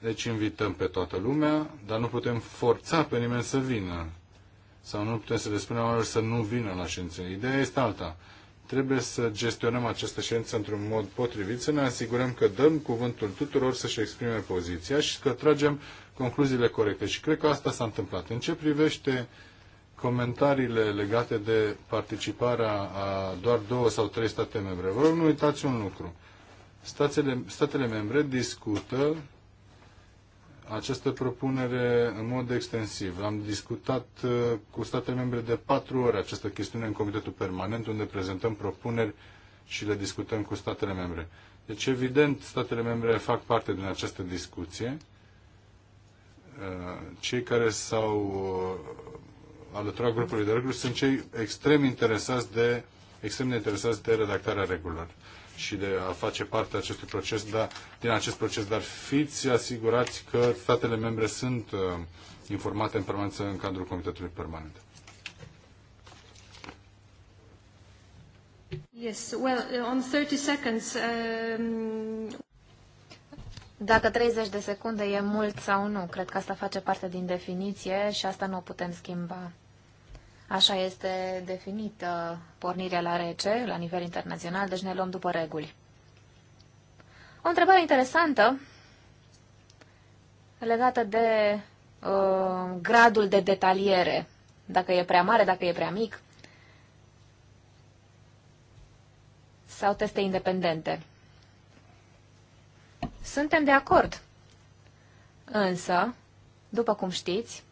Deci invităm pe toată lumea, dar nu putem forța pe nimeni să vină. Sau nu putem să le spunem oamenilor să nu vină la ședință. Ideea este alta. Trebuie să gestionăm această ședință într-un mod potrivit, să ne asigurăm că dăm cuvântul tuturor să-și exprime poziția și că tragem concluziile corecte. Și cred că asta s-a întâmplat. În ce privește comentariile legate de participarea a doar două sau trei state membre, vă rog, nu uitați un lucru. Statele, statele membre discută această propunere în mod extensiv. Am discutat uh, cu statele membre de patru ori această chestiune în Comitetul Permanent, unde prezentăm propuneri și le discutăm cu statele membre. Deci, evident, statele membre fac parte din această discuție. Uh, cei care s-au uh, alăturat grupului de reguli sunt cei extrem interesați de, extrem de interesați de redactarea regulilor și de a face parte acestui proces, dar, din acest proces, dar fiți asigurați că statele membre sunt uh, informate în permanență în cadrul Comitetului Permanent. Yes, well, uh, on 30 seconds, um... Dacă 30 de secunde e mult sau nu, cred că asta face parte din definiție și asta nu o putem schimba. Așa este definită pornirea la rece la nivel internațional, deci ne luăm după reguli. O întrebare interesantă legată de uh, gradul de detaliere, dacă e prea mare, dacă e prea mic, sau teste independente. Suntem de acord, însă, după cum știți,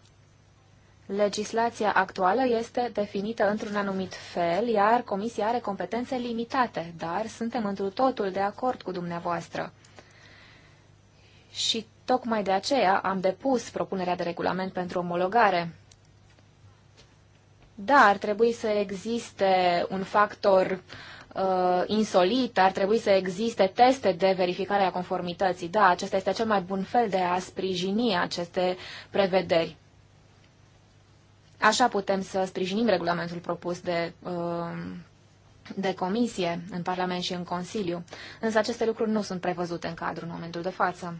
Legislația actuală este definită într-un anumit fel, iar Comisia are competențe limitate, dar suntem întru totul de acord cu dumneavoastră. Și tocmai de aceea am depus propunerea de regulament pentru omologare. Dar da, trebuie să existe un factor uh, insolit, ar trebui să existe teste de verificare a conformității. Da, acesta este cel mai bun fel de a sprijini aceste prevederi. Așa putem să sprijinim regulamentul propus de, um, de comisie în Parlament și în Consiliu, însă aceste lucruri nu sunt prevăzute în cadrul în momentul de față.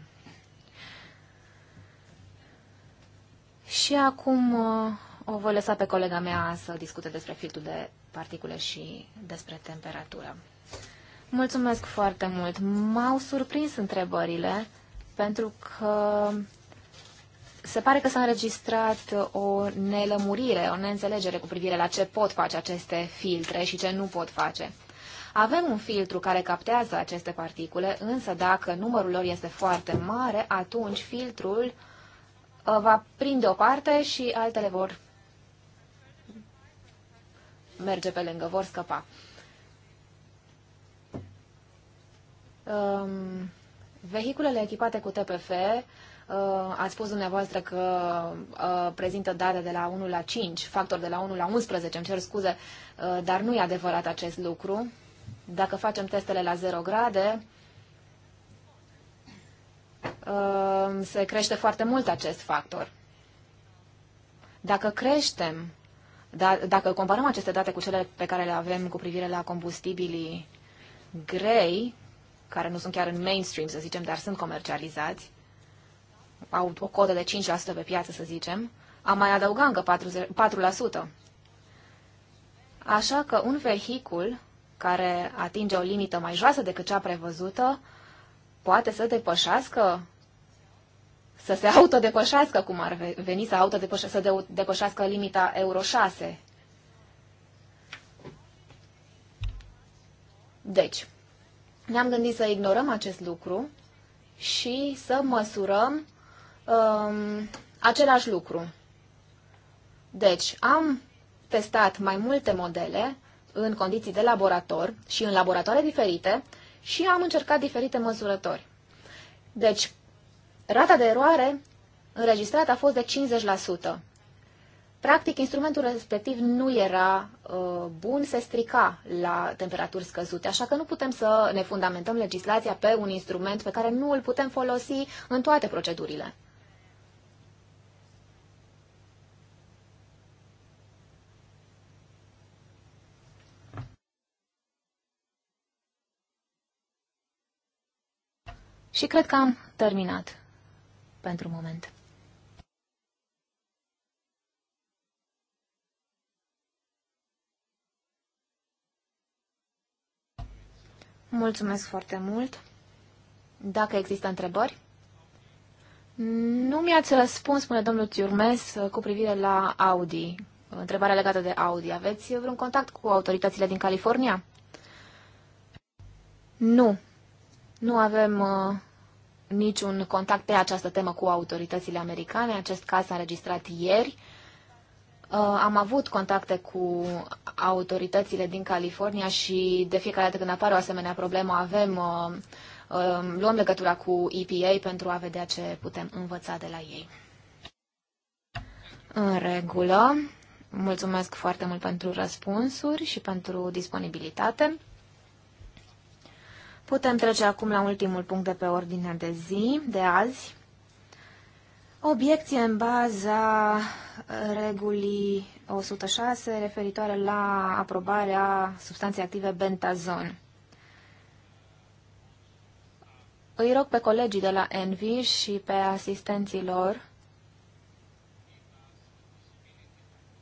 Și acum uh, o voi lăsa pe colega mea să discute despre filtrul de particule și despre temperatură. Mulțumesc foarte mult! M-au surprins întrebările pentru că se pare că s-a înregistrat o nelămurire, o neînțelegere cu privire la ce pot face aceste filtre și ce nu pot face. Avem un filtru care captează aceste particule, însă dacă numărul lor este foarte mare, atunci filtrul uh, va prinde o parte și altele vor merge pe lângă, vor scăpa. Um, vehiculele echipate cu TPF Uh, ați spus dumneavoastră că uh, prezintă date de la 1 la 5, factor de la 1 la 11, îmi cer scuze, uh, dar nu e adevărat acest lucru. Dacă facem testele la 0 grade, se crește foarte mult acest factor. Dacă creștem, da, dacă comparăm aceste date cu cele pe care le avem cu privire la combustibilii grei, care nu sunt chiar în mainstream, să zicem, dar sunt comercializați, au o cotă de 5% pe piață, să zicem, a mai adăugat încă 4%. Așa că un vehicul care atinge o limită mai joasă decât cea prevăzută poate să depășească, să se autodepășească, cum ar veni să, autodepășească, să depășească limita Euro 6. Deci, ne-am gândit să ignorăm acest lucru și să măsurăm um, același lucru. Deci, am testat mai multe modele în condiții de laborator și în laboratoare diferite și am încercat diferite măsurători. Deci, rata de eroare înregistrată a fost de 50%. Practic, instrumentul respectiv nu era uh, bun, se strica la temperaturi scăzute, așa că nu putem să ne fundamentăm legislația pe un instrument pe care nu îl putem folosi în toate procedurile. Și cred că am terminat pentru moment. Mulțumesc foarte mult. Dacă există întrebări? Nu mi-ați răspuns, spune domnul Ciurmes, cu privire la Audi. Întrebarea legată de Audi. Aveți vreun contact cu autoritățile din California? Nu. Nu avem uh, niciun contact pe această temă cu autoritățile americane. Acest caz s-a înregistrat ieri. Uh, am avut contacte cu autoritățile din California și de fiecare dată când apare o asemenea problemă avem, uh, uh, luăm legătura cu EPA pentru a vedea ce putem învăța de la ei. În regulă. Mulțumesc foarte mult pentru răspunsuri și pentru disponibilitate. Putem trece acum la ultimul punct de pe ordinea de zi de azi. Obiecție în baza uh, regulii 106 referitoare la aprobarea substanței active bentazon. Îi rog pe colegii de la Envi și pe asistenții lor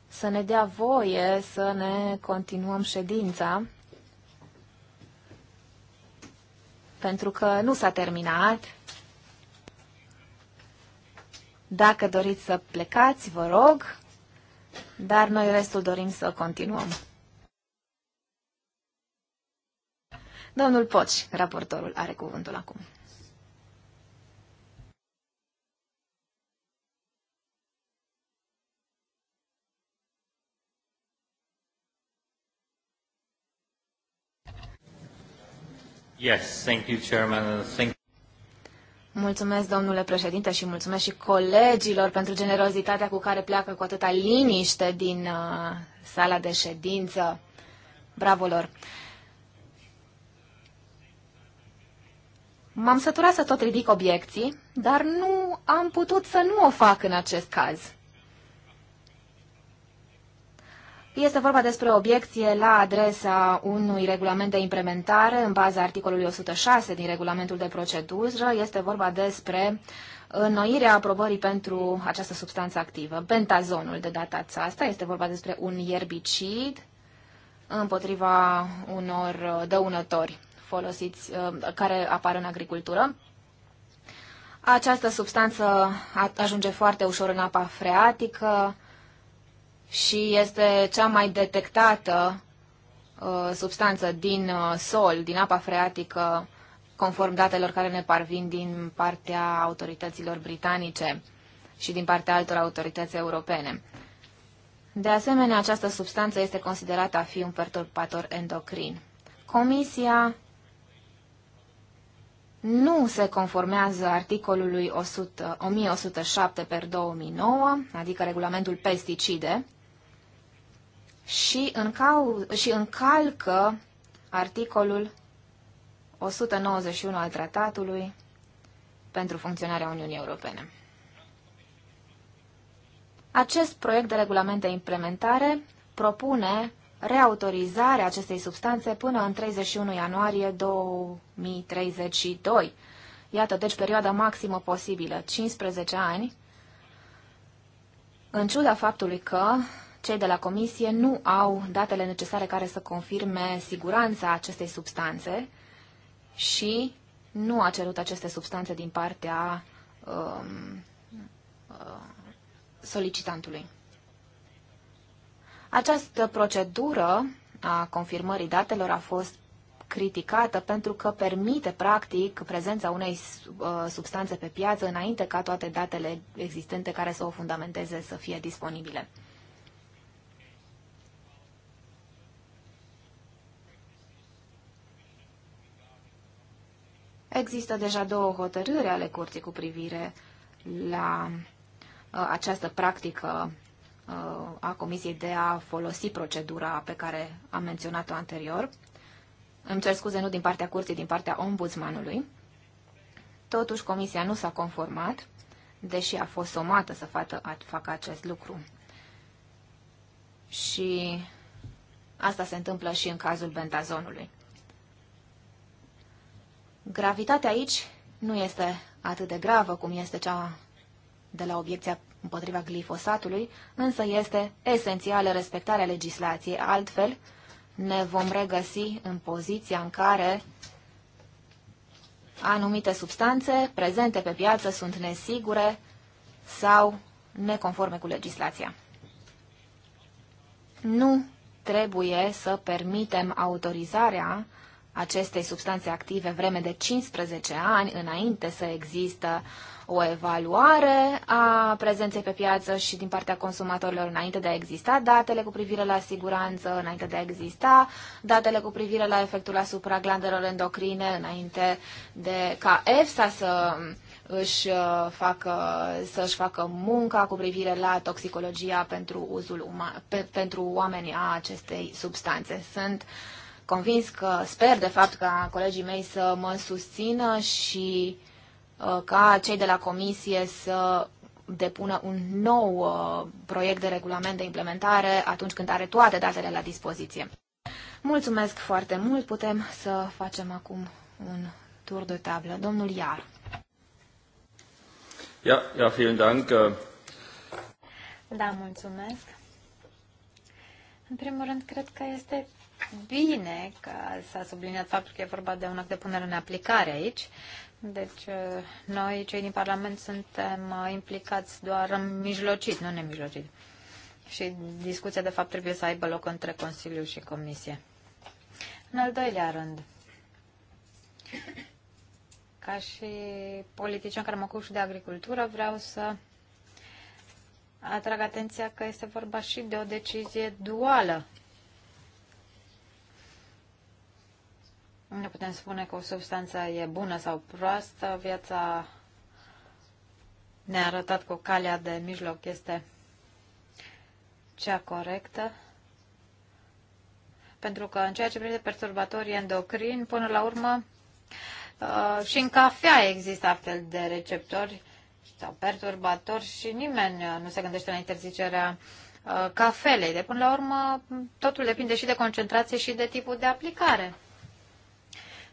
să ne dea voie să ne continuăm ședința pentru că nu s-a terminat. Dacă doriți să plecați, vă rog, dar noi restul dorim să continuăm. Domnul Poci, raportorul, are cuvântul acum. Yes, thank you, Chairman. Thank Mulțumesc, domnule președinte, și mulțumesc și colegilor pentru generozitatea cu care pleacă cu atâta liniște din uh, sala de ședință. Bravo lor! M-am săturat să tot ridic obiecții, dar nu am putut să nu o fac în acest caz. Este vorba despre o obiecție la adresa unui regulament de implementare în baza articolului 106 din regulamentul de procedură. Este vorba despre înnoirea aprobării pentru această substanță activă, bentazonul de data asta. Este vorba despre un ierbicid împotriva unor dăunători folosiți, uh, care apar în agricultură. Această substanță ajunge foarte ușor în apa freatică, și este cea mai detectată uh, substanță din uh, sol, din apa freatică, conform datelor care ne parvin din partea autorităților britanice și din partea altor autorități europene. De asemenea, această substanță este considerată a fi un perturbator endocrin. Comisia nu se conformează articolului 100, 1107 per 2009, adică regulamentul pesticide, și, în cau- și încalcă articolul 191 al tratatului pentru funcționarea Uniunii Europene. Acest proiect de regulament de implementare propune reautorizarea acestei substanțe până în 31 ianuarie 2032. Iată, deci, perioada maximă posibilă, 15 ani, în ciuda faptului că cei de la comisie nu au datele necesare care să confirme siguranța acestei substanțe și nu a cerut aceste substanțe din partea um, uh, solicitantului. Această procedură a confirmării datelor a fost criticată pentru că permite, practic, prezența unei uh, substanțe pe piață înainte ca toate datele existente care să o fundamenteze să fie disponibile. Există deja două hotărâri ale curții cu privire la uh, această practică uh, a Comisiei de a folosi procedura pe care am menționat-o anterior. Îmi cer scuze nu din partea curții, din partea ombudsmanului. Totuși, Comisia nu s-a conformat, deși a fost somată să facă, facă acest lucru. Și asta se întâmplă și în cazul bentazonului. Gravitatea aici nu este atât de gravă cum este cea de la obiecția împotriva glifosatului, însă este esențială respectarea legislației. Altfel, ne vom regăsi în poziția în care anumite substanțe prezente pe piață sunt nesigure sau neconforme cu legislația. Nu trebuie să permitem autorizarea acestei substanțe active vreme de 15 ani înainte să există o evaluare a prezenței pe piață și din partea consumatorilor înainte de a exista datele cu privire la siguranță, înainte de a exista datele cu privire la efectul asupra glandelor endocrine, înainte de ca EFSA să își uh, facă, să își facă munca cu privire la toxicologia pentru uzul uman, pe, pentru oamenii a acestei substanțe. Sunt uh, convins că, sper de fapt ca colegii mei să mă susțină și uh, ca cei de la comisie să depună un nou uh, proiect de regulament de implementare atunci când are toate datele la dispoziție. Mulțumesc foarte mult. Putem să facem acum un tur de tablă. Domnul Iar. Ja, ja, vielen Dank. Äh. Da, mulțumesc. În primul rând, cred că este bine că s-a subliniat faptul că e vorba de un act de punere în aplicare aici. Deci, uh, noi, cei din Parlament, suntem uh, implicați doar în mijlocit, nu nemijlocit. Și discuția, de fapt, trebuie să aibă loc între Consiliu și Comisie. În al doilea rând, ca și politician care mă ocup și de agricultură, vreau să atrag atenția că este vorba și de o decizie duală Nu putem spune că o substanță e bună sau proastă. Viața ne-a arătat că calea de mijloc este cea corectă. Pentru că în ceea ce privește perturbatorii endocrini, până la urmă, uh, și în cafea există astfel de receptori sau perturbatori și nimeni uh, nu se gândește la interzicerea uh, cafelei. De până la urmă, totul depinde și de concentrație și de tipul de aplicare.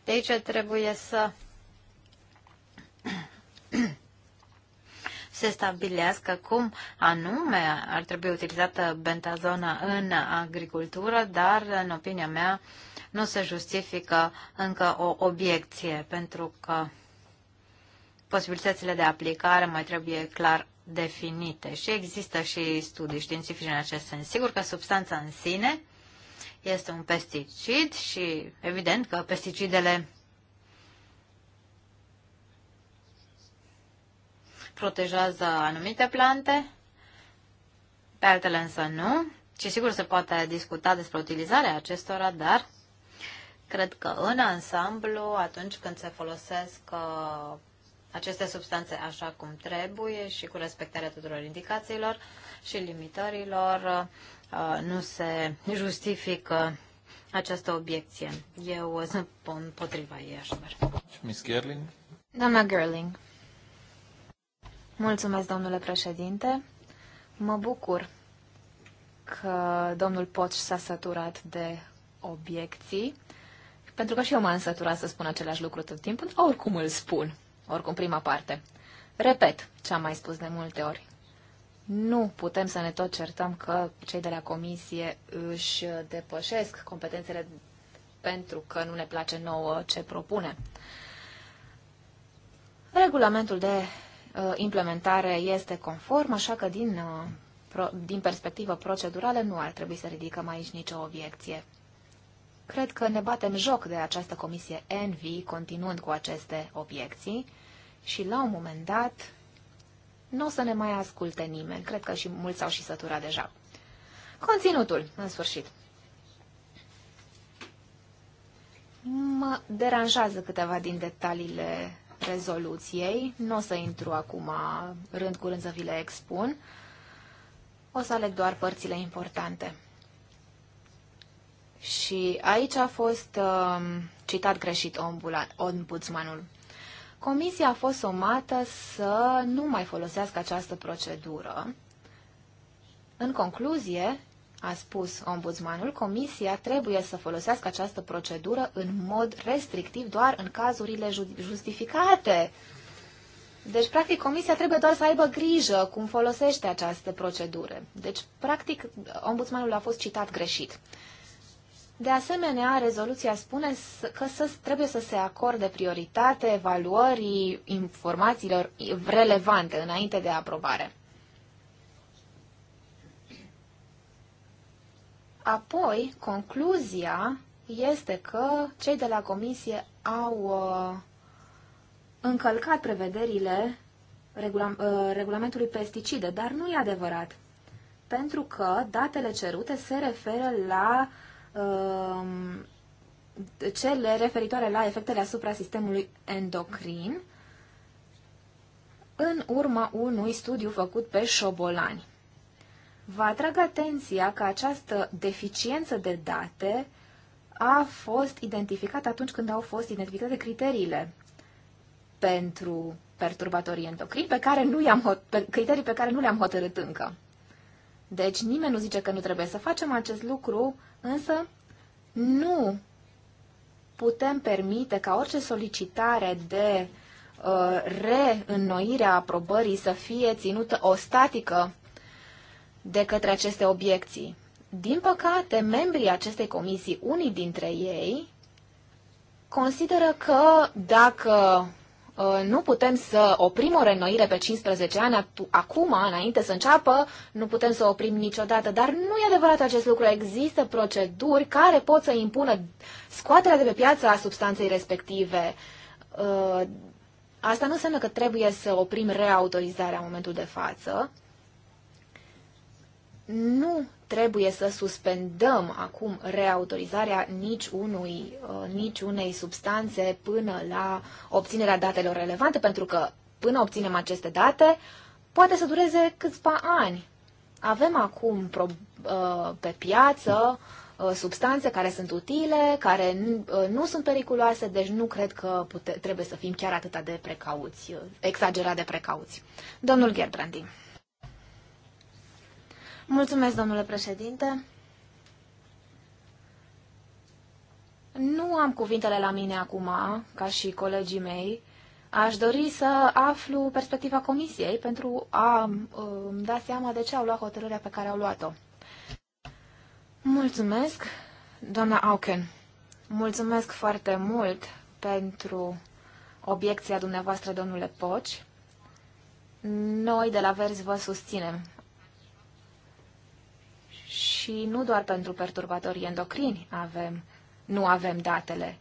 De aici trebuie să se stabilească cum anume ar trebui utilizată bentazona în agricultură, dar, în opinia mea, nu se justifică încă o obiecție, pentru că posibilitățile de aplicare mai trebuie clar definite și există și studii științifice în acest sens. Sigur că substanța în sine este un pesticid și evident că pesticidele protejează anumite plante, pe altele însă nu. Și sigur se poate discuta despre utilizarea acestora, dar cred că în ansamblu, atunci când se folosesc uh, aceste substanțe așa cum trebuie și cu respectarea tuturor indicațiilor și limitărilor, uh, Uh, nu se justifică această obiecție. Eu sunt împotriva ei și Miss Gerling? Doamna Gerling. Mulțumesc, domnule președinte. Mă bucur că domnul Poci s-a săturat de obiecții, pentru că și eu m-am săturat să spun același lucru tot timpul, oricum îl spun, oricum prima parte. Repet ce am mai spus de multe ori nu putem să ne tot certăm că cei de la comisie își depășesc competențele pentru că nu ne place nouă ce propune. Regulamentul de uh, implementare este conform, așa că din, uh, din perspectivă procedurală nu ar trebui să ridicăm aici nicio obiecție. Cred că ne batem joc de această comisie ENVI, continuând cu aceste obiecții, și la un moment dat nu o să ne mai asculte nimeni. Cred că și mulți au și săturat deja. Conținutul, în sfârșit. Mă deranjează câteva din detaliile rezoluției. Nu o să intru acum rând cu rând să vi le expun. O să aleg doar părțile importante. Și aici a fost uh, citat greșit ombudsmanul. Comisia a fost somată să nu mai folosească această procedură. În concluzie, a spus ombudsmanul, Comisia trebuie să folosească această procedură în mod restrictiv doar în cazurile justificate. Deci, practic, Comisia trebuie doar să aibă grijă cum folosește această procedură. Deci, practic, ombudsmanul a fost citat greșit. De asemenea, rezoluția spune că să, trebuie să se acorde prioritate evaluării informațiilor relevante înainte de aprobare. Apoi, concluzia este că cei de la comisie au uh, încălcat prevederile regula, uh, regulamentului pesticide, dar nu e adevărat, pentru că datele cerute se referă la uh, Um, cele referitoare la efectele asupra sistemului endocrin în urma unui studiu făcut pe șobolani. Vă atrag atenția că această deficiență de date a fost identificată atunci când au fost identificate criteriile pentru perturbatorii endocrini, pe care nu i-am criterii pe care nu le-am hotărât încă. Deci nimeni nu zice că nu trebuie să facem acest lucru, însă nu putem permite ca orice solicitare de uh, reînnoire a aprobării să fie ținută o statică de către aceste obiecții. Din păcate, membrii acestei comisii, unii dintre ei, consideră că dacă Uh, nu putem să oprim o reînnoire pe 15 ani acum, înainte să înceapă, nu putem să oprim niciodată, dar nu e adevărat acest lucru. Există proceduri care pot să impună scoaterea de pe piață a substanței respective. Uh, asta nu înseamnă că trebuie să oprim reautorizarea în momentul de față. Nu trebuie să suspendăm acum reautorizarea nici, unui, uh, nici unei substanțe până la obținerea datelor relevante, pentru că până obținem aceste date, poate să dureze câțiva ani. Avem acum uh, pe piață uh, substanțe care sunt utile, care nu sunt periculoase, deci nu cred că pute, trebuie să fim chiar atât de precauți, exagerat de precauți. Domnul Gerbrandi. Mulțumesc, domnule președinte. Nu am cuvintele la mine acum, ca și colegii mei. Aș dori să aflu perspectiva comisiei pentru a uh, da seama de ce au luat hotărârea pe care au luat-o. Mulțumesc, doamna Auken. Mulțumesc foarte mult pentru obiecția dumneavoastră, domnule Poci. Noi de la Verzi vă susținem și nu doar pentru perturbatorii endocrini avem, nu avem datele.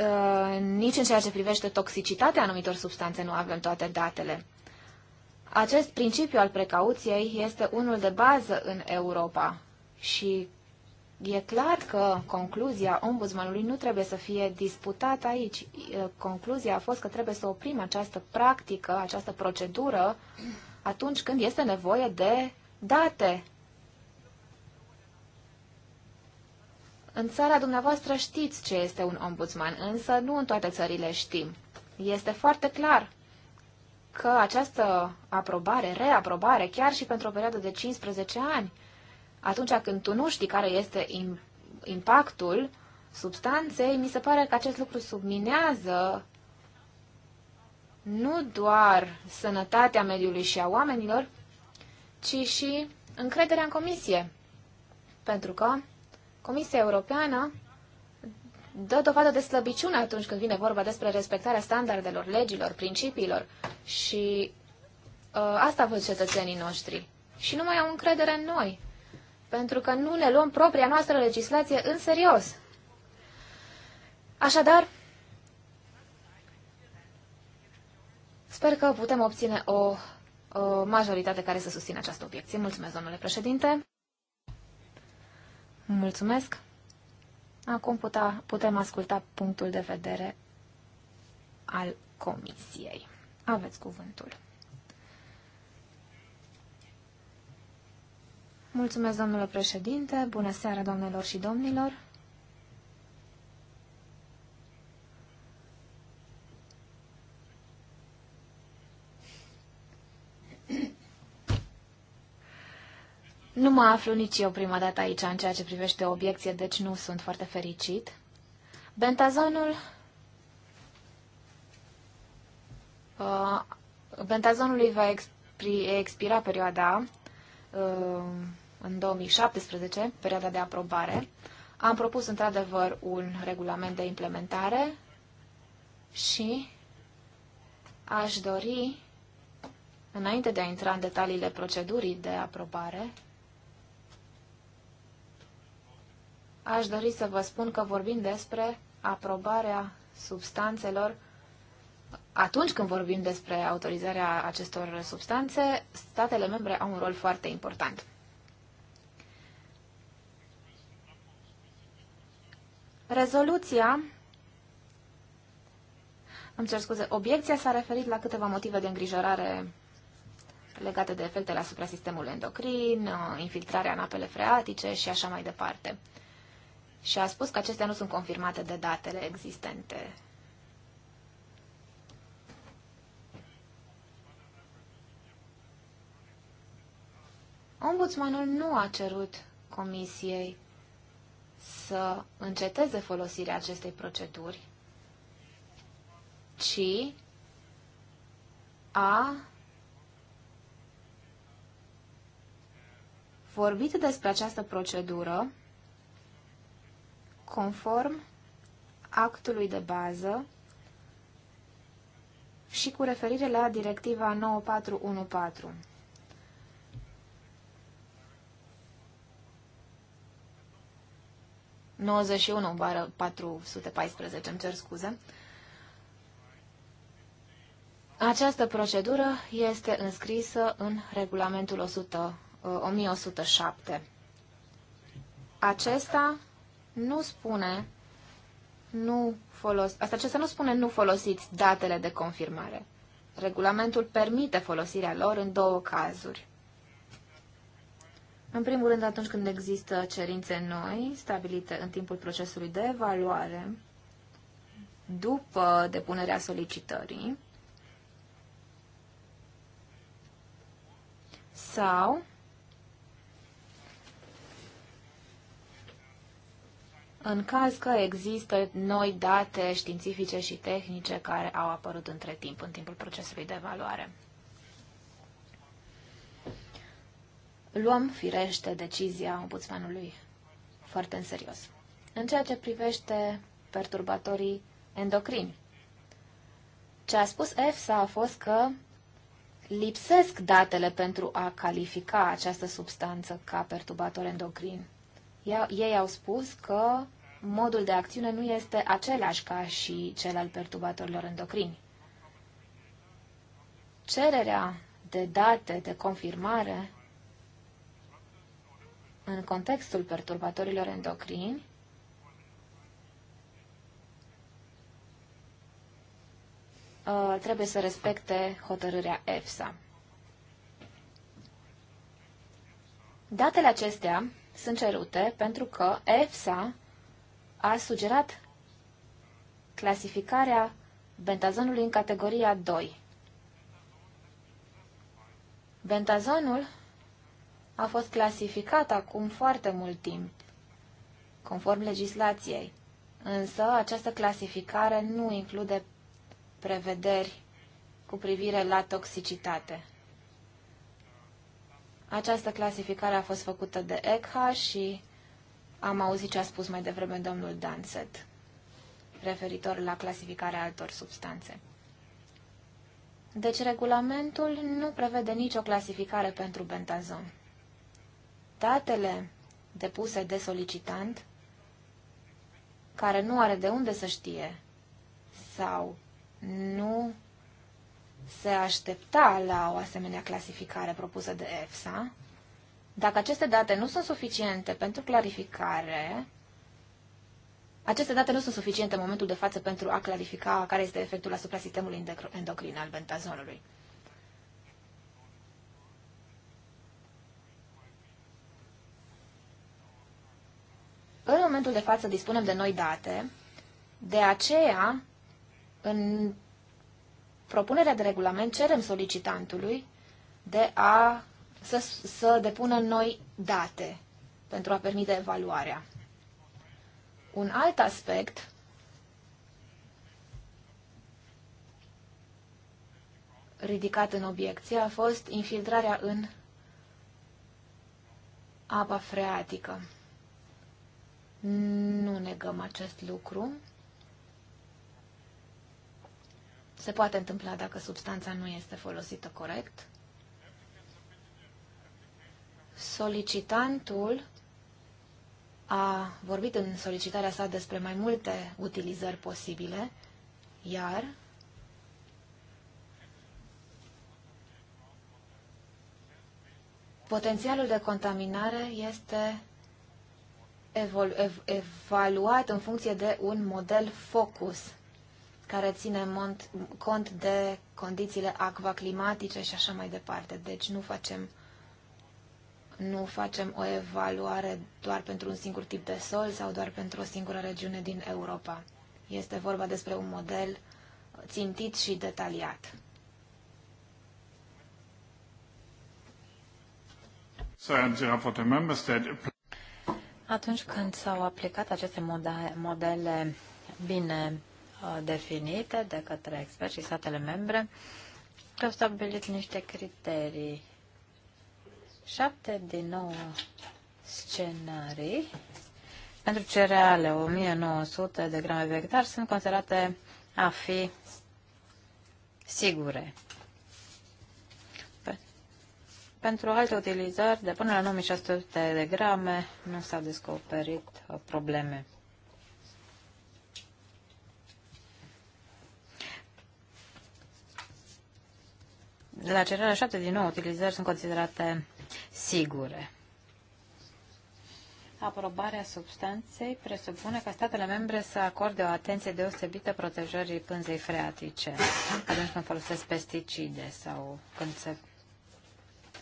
Uh, nici în ceea ce privește toxicitatea anumitor substanțe nu avem toate datele. Acest principiu al precauției este unul de bază în Europa și e clar că concluzia ombudsmanului nu trebuie să fie disputată aici. Uh, concluzia a fost că trebuie să oprim această practică, această procedură atunci când este nevoie de date. În țara dumneavoastră știți ce este un ombudsman, însă nu în toate țările știm. Este foarte clar că această aprobare, reaprobare, chiar și pentru o perioadă de 15 ani, atunci când tu nu știi care este impactul substanței, mi se pare că acest lucru subminează nu doar sănătatea mediului și a oamenilor, ci și încrederea în comisie. Pentru că Comisia Europeană dă dovadă de slăbiciune atunci când vine vorba despre respectarea standardelor, legilor, principiilor și uh, asta văd cetățenii noștri. Și nu mai au încredere în noi, pentru că nu ne luăm propria noastră legislație în serios. Așadar, Sper că putem obține o, o majoritate care să susțină această obiecție. Mulțumesc, domnule președinte. Mulțumesc. Acum puta, putem asculta punctul de vedere al comisiei. Aveți cuvântul. Mulțumesc, domnule președinte. Bună seara, domnilor și domnilor. Nu mă aflu nici eu prima dată aici în ceea ce privește obiecție, deci nu sunt foarte fericit. Bentazonul... Uh, bentazonului va expri, expira perioada uh, în 2017, perioada de aprobare. Am propus într-adevăr un regulament de implementare și aș dori, înainte de a intra în detaliile procedurii de aprobare, aș dori să vă spun că vorbim despre aprobarea substanțelor atunci când vorbim despre autorizarea acestor substanțe, statele membre au un rol foarte important. Rezoluția, îmi cer scuze, obiecția s-a referit la câteva motive de îngrijorare legate de efectele asupra sistemului endocrin, uh, infiltrarea în apele freatice și așa mai departe și a spus că acestea nu sunt confirmate de datele existente. Ombudsmanul nu a cerut comisiei să înceteze folosirea acestei proceduri, ci a vorbit despre această procedură conform actului de bază și cu referire la directiva 9414. bară 414, îmi cer scuze. Această procedură este înscrisă în regulamentul 100, 1107. Acesta nu spune nu folos... Asta ce să nu spune nu folosiți datele de confirmare. Regulamentul permite folosirea lor în două cazuri. În primul rând, atunci când există cerințe noi, stabilite în timpul procesului de evaluare, după depunerea solicitării, sau în caz că există noi date științifice și tehnice care au apărut între timp, în timpul procesului de evaluare. Luăm, firește, decizia ombudsmanului foarte în serios. În ceea ce privește perturbatorii endocrini, ce a spus EFSA a fost că lipsesc datele pentru a califica această substanță ca perturbator endocrin ei au spus că modul de acțiune nu este același ca și cel al perturbatorilor endocrini. Cererea de date de confirmare în contextul perturbatorilor endocrini uh, trebuie să respecte hotărârea EFSA. Datele acestea sunt cerute pentru că EFSA a sugerat clasificarea bentazonului în categoria 2. Bentazonul a fost clasificat acum foarte mult timp, conform legislației, însă această clasificare nu include prevederi cu privire la toxicitate. Această clasificare a fost făcută de ECHA și am auzit ce a spus mai devreme domnul Danset referitor la clasificarea altor substanțe. Deci regulamentul nu prevede nicio clasificare pentru bentazon. Datele depuse de solicitant, care nu are de unde să știe sau nu se aștepta la o asemenea clasificare propusă de EFSA. Dacă aceste date nu sunt suficiente pentru clarificare, aceste date nu sunt suficiente în momentul de față pentru a clarifica care este efectul asupra sistemului endocrin al bentazonului. În momentul de față dispunem de noi date, de aceea, în propunerea de regulament cerem solicitantului de a să, să depună noi date pentru a permite evaluarea. Un alt aspect ridicat în obiecție a fost infiltrarea în apa freatică. Nu negăm acest lucru. se poate întâmpla dacă substanța nu este folosită corect. Solicitantul a vorbit în solicitarea sa despre mai multe utilizări posibile, iar potențialul de contaminare este evaluat în funcție de un model focus care ține mont, cont de condițiile acvaclimatice și așa mai departe. Deci nu facem, nu facem o evaluare doar pentru un singur tip de sol sau doar pentru o singură regiune din Europa. Este vorba despre un model țintit și detaliat. Atunci când s-au aplicat aceste modele bine Uh, definite de către experți și statele membre, au stabilit niște criterii. Șapte din nouă scenarii pentru cereale, 1900 de grame pe hectar, sunt considerate a fi sigure. pentru alte utilizări, de până la 9600 de grame, nu s-au descoperit uh, probleme. la cererea 7 din nou utilizări sunt considerate sigure. Aprobarea substanței presupune ca statele membre să acorde o atenție deosebită protejării pânzei freatice atunci când folosesc pesticide sau când se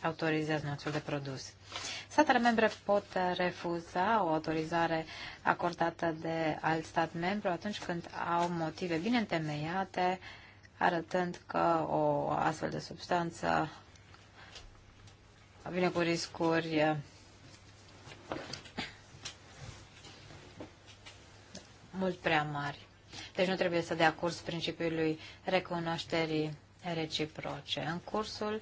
autorizează un astfel de produs. Statele membre pot refuza o autorizare acordată de alt stat membru atunci când au motive bine întemeiate uh, arătând că o astfel de substanță vine cu riscuri eh, mult prea mari. Deci nu trebuie să dea curs principiului recunoașterii reciproce. În cursul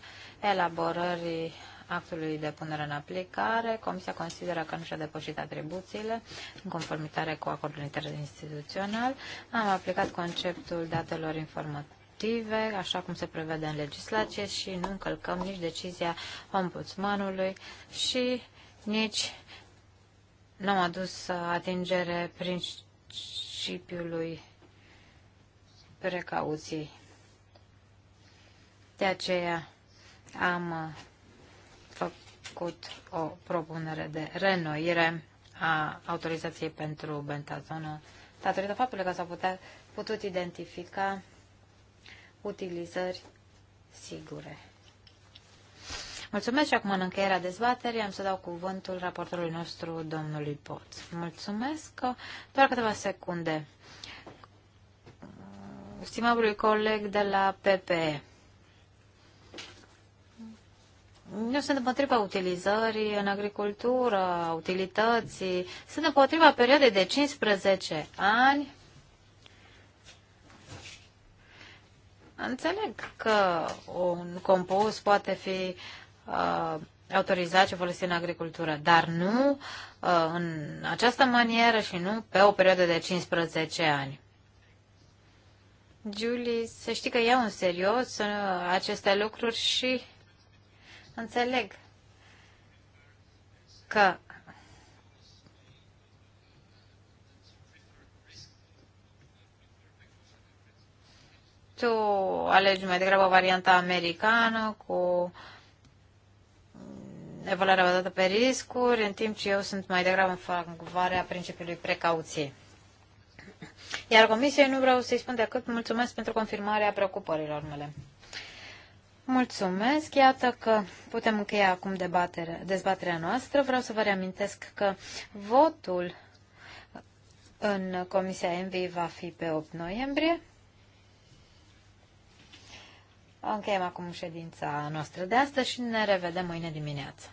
elaborării actului de punere în aplicare, Comisia consideră că nu și-a depășit atribuțiile în conformitate cu acordul interinstituțional. Am aplicat conceptul datelor informate motive, așa cum se prevede în legislație și nu încălcăm nici decizia ombudsmanului și nici nu am adus atingere principiului precauției. De aceea am făcut o propunere de renoire a autorizației pentru bentazonă datorită faptului că s-au putut identifica utilizări sigure. Mulțumesc și acum în încheierea dezbaterii am să dau cuvântul raportorului nostru, domnului Poț. Mulțumesc. Doar câteva secunde. Stimabului coleg de la PPE. Nu sunt împotriva utilizării în agricultură, utilității. Sunt împotriva perioadei de 15 ani Înțeleg că un compost poate fi uh, autorizat și folosit în agricultură, dar nu uh, în această manieră și nu pe o perioadă de 15 ani. Julie, să știi că iau în serios uh, aceste lucruri și înțeleg că tu alegi mai degrabă varianta americană cu evaluarea bazată pe riscuri, în timp ce eu sunt mai degrabă în favoarea principiului precauției. Iar comisiei nu vreau să-i spun decât mulțumesc pentru confirmarea preocupărilor mele. Mulțumesc. Iată că putem încheia acum debatere, dezbaterea noastră. Vreau să vă reamintesc că votul în Comisia MV va fi pe 8 noiembrie. Încheiem acum ședința noastră de astăzi și ne revedem mâine dimineață.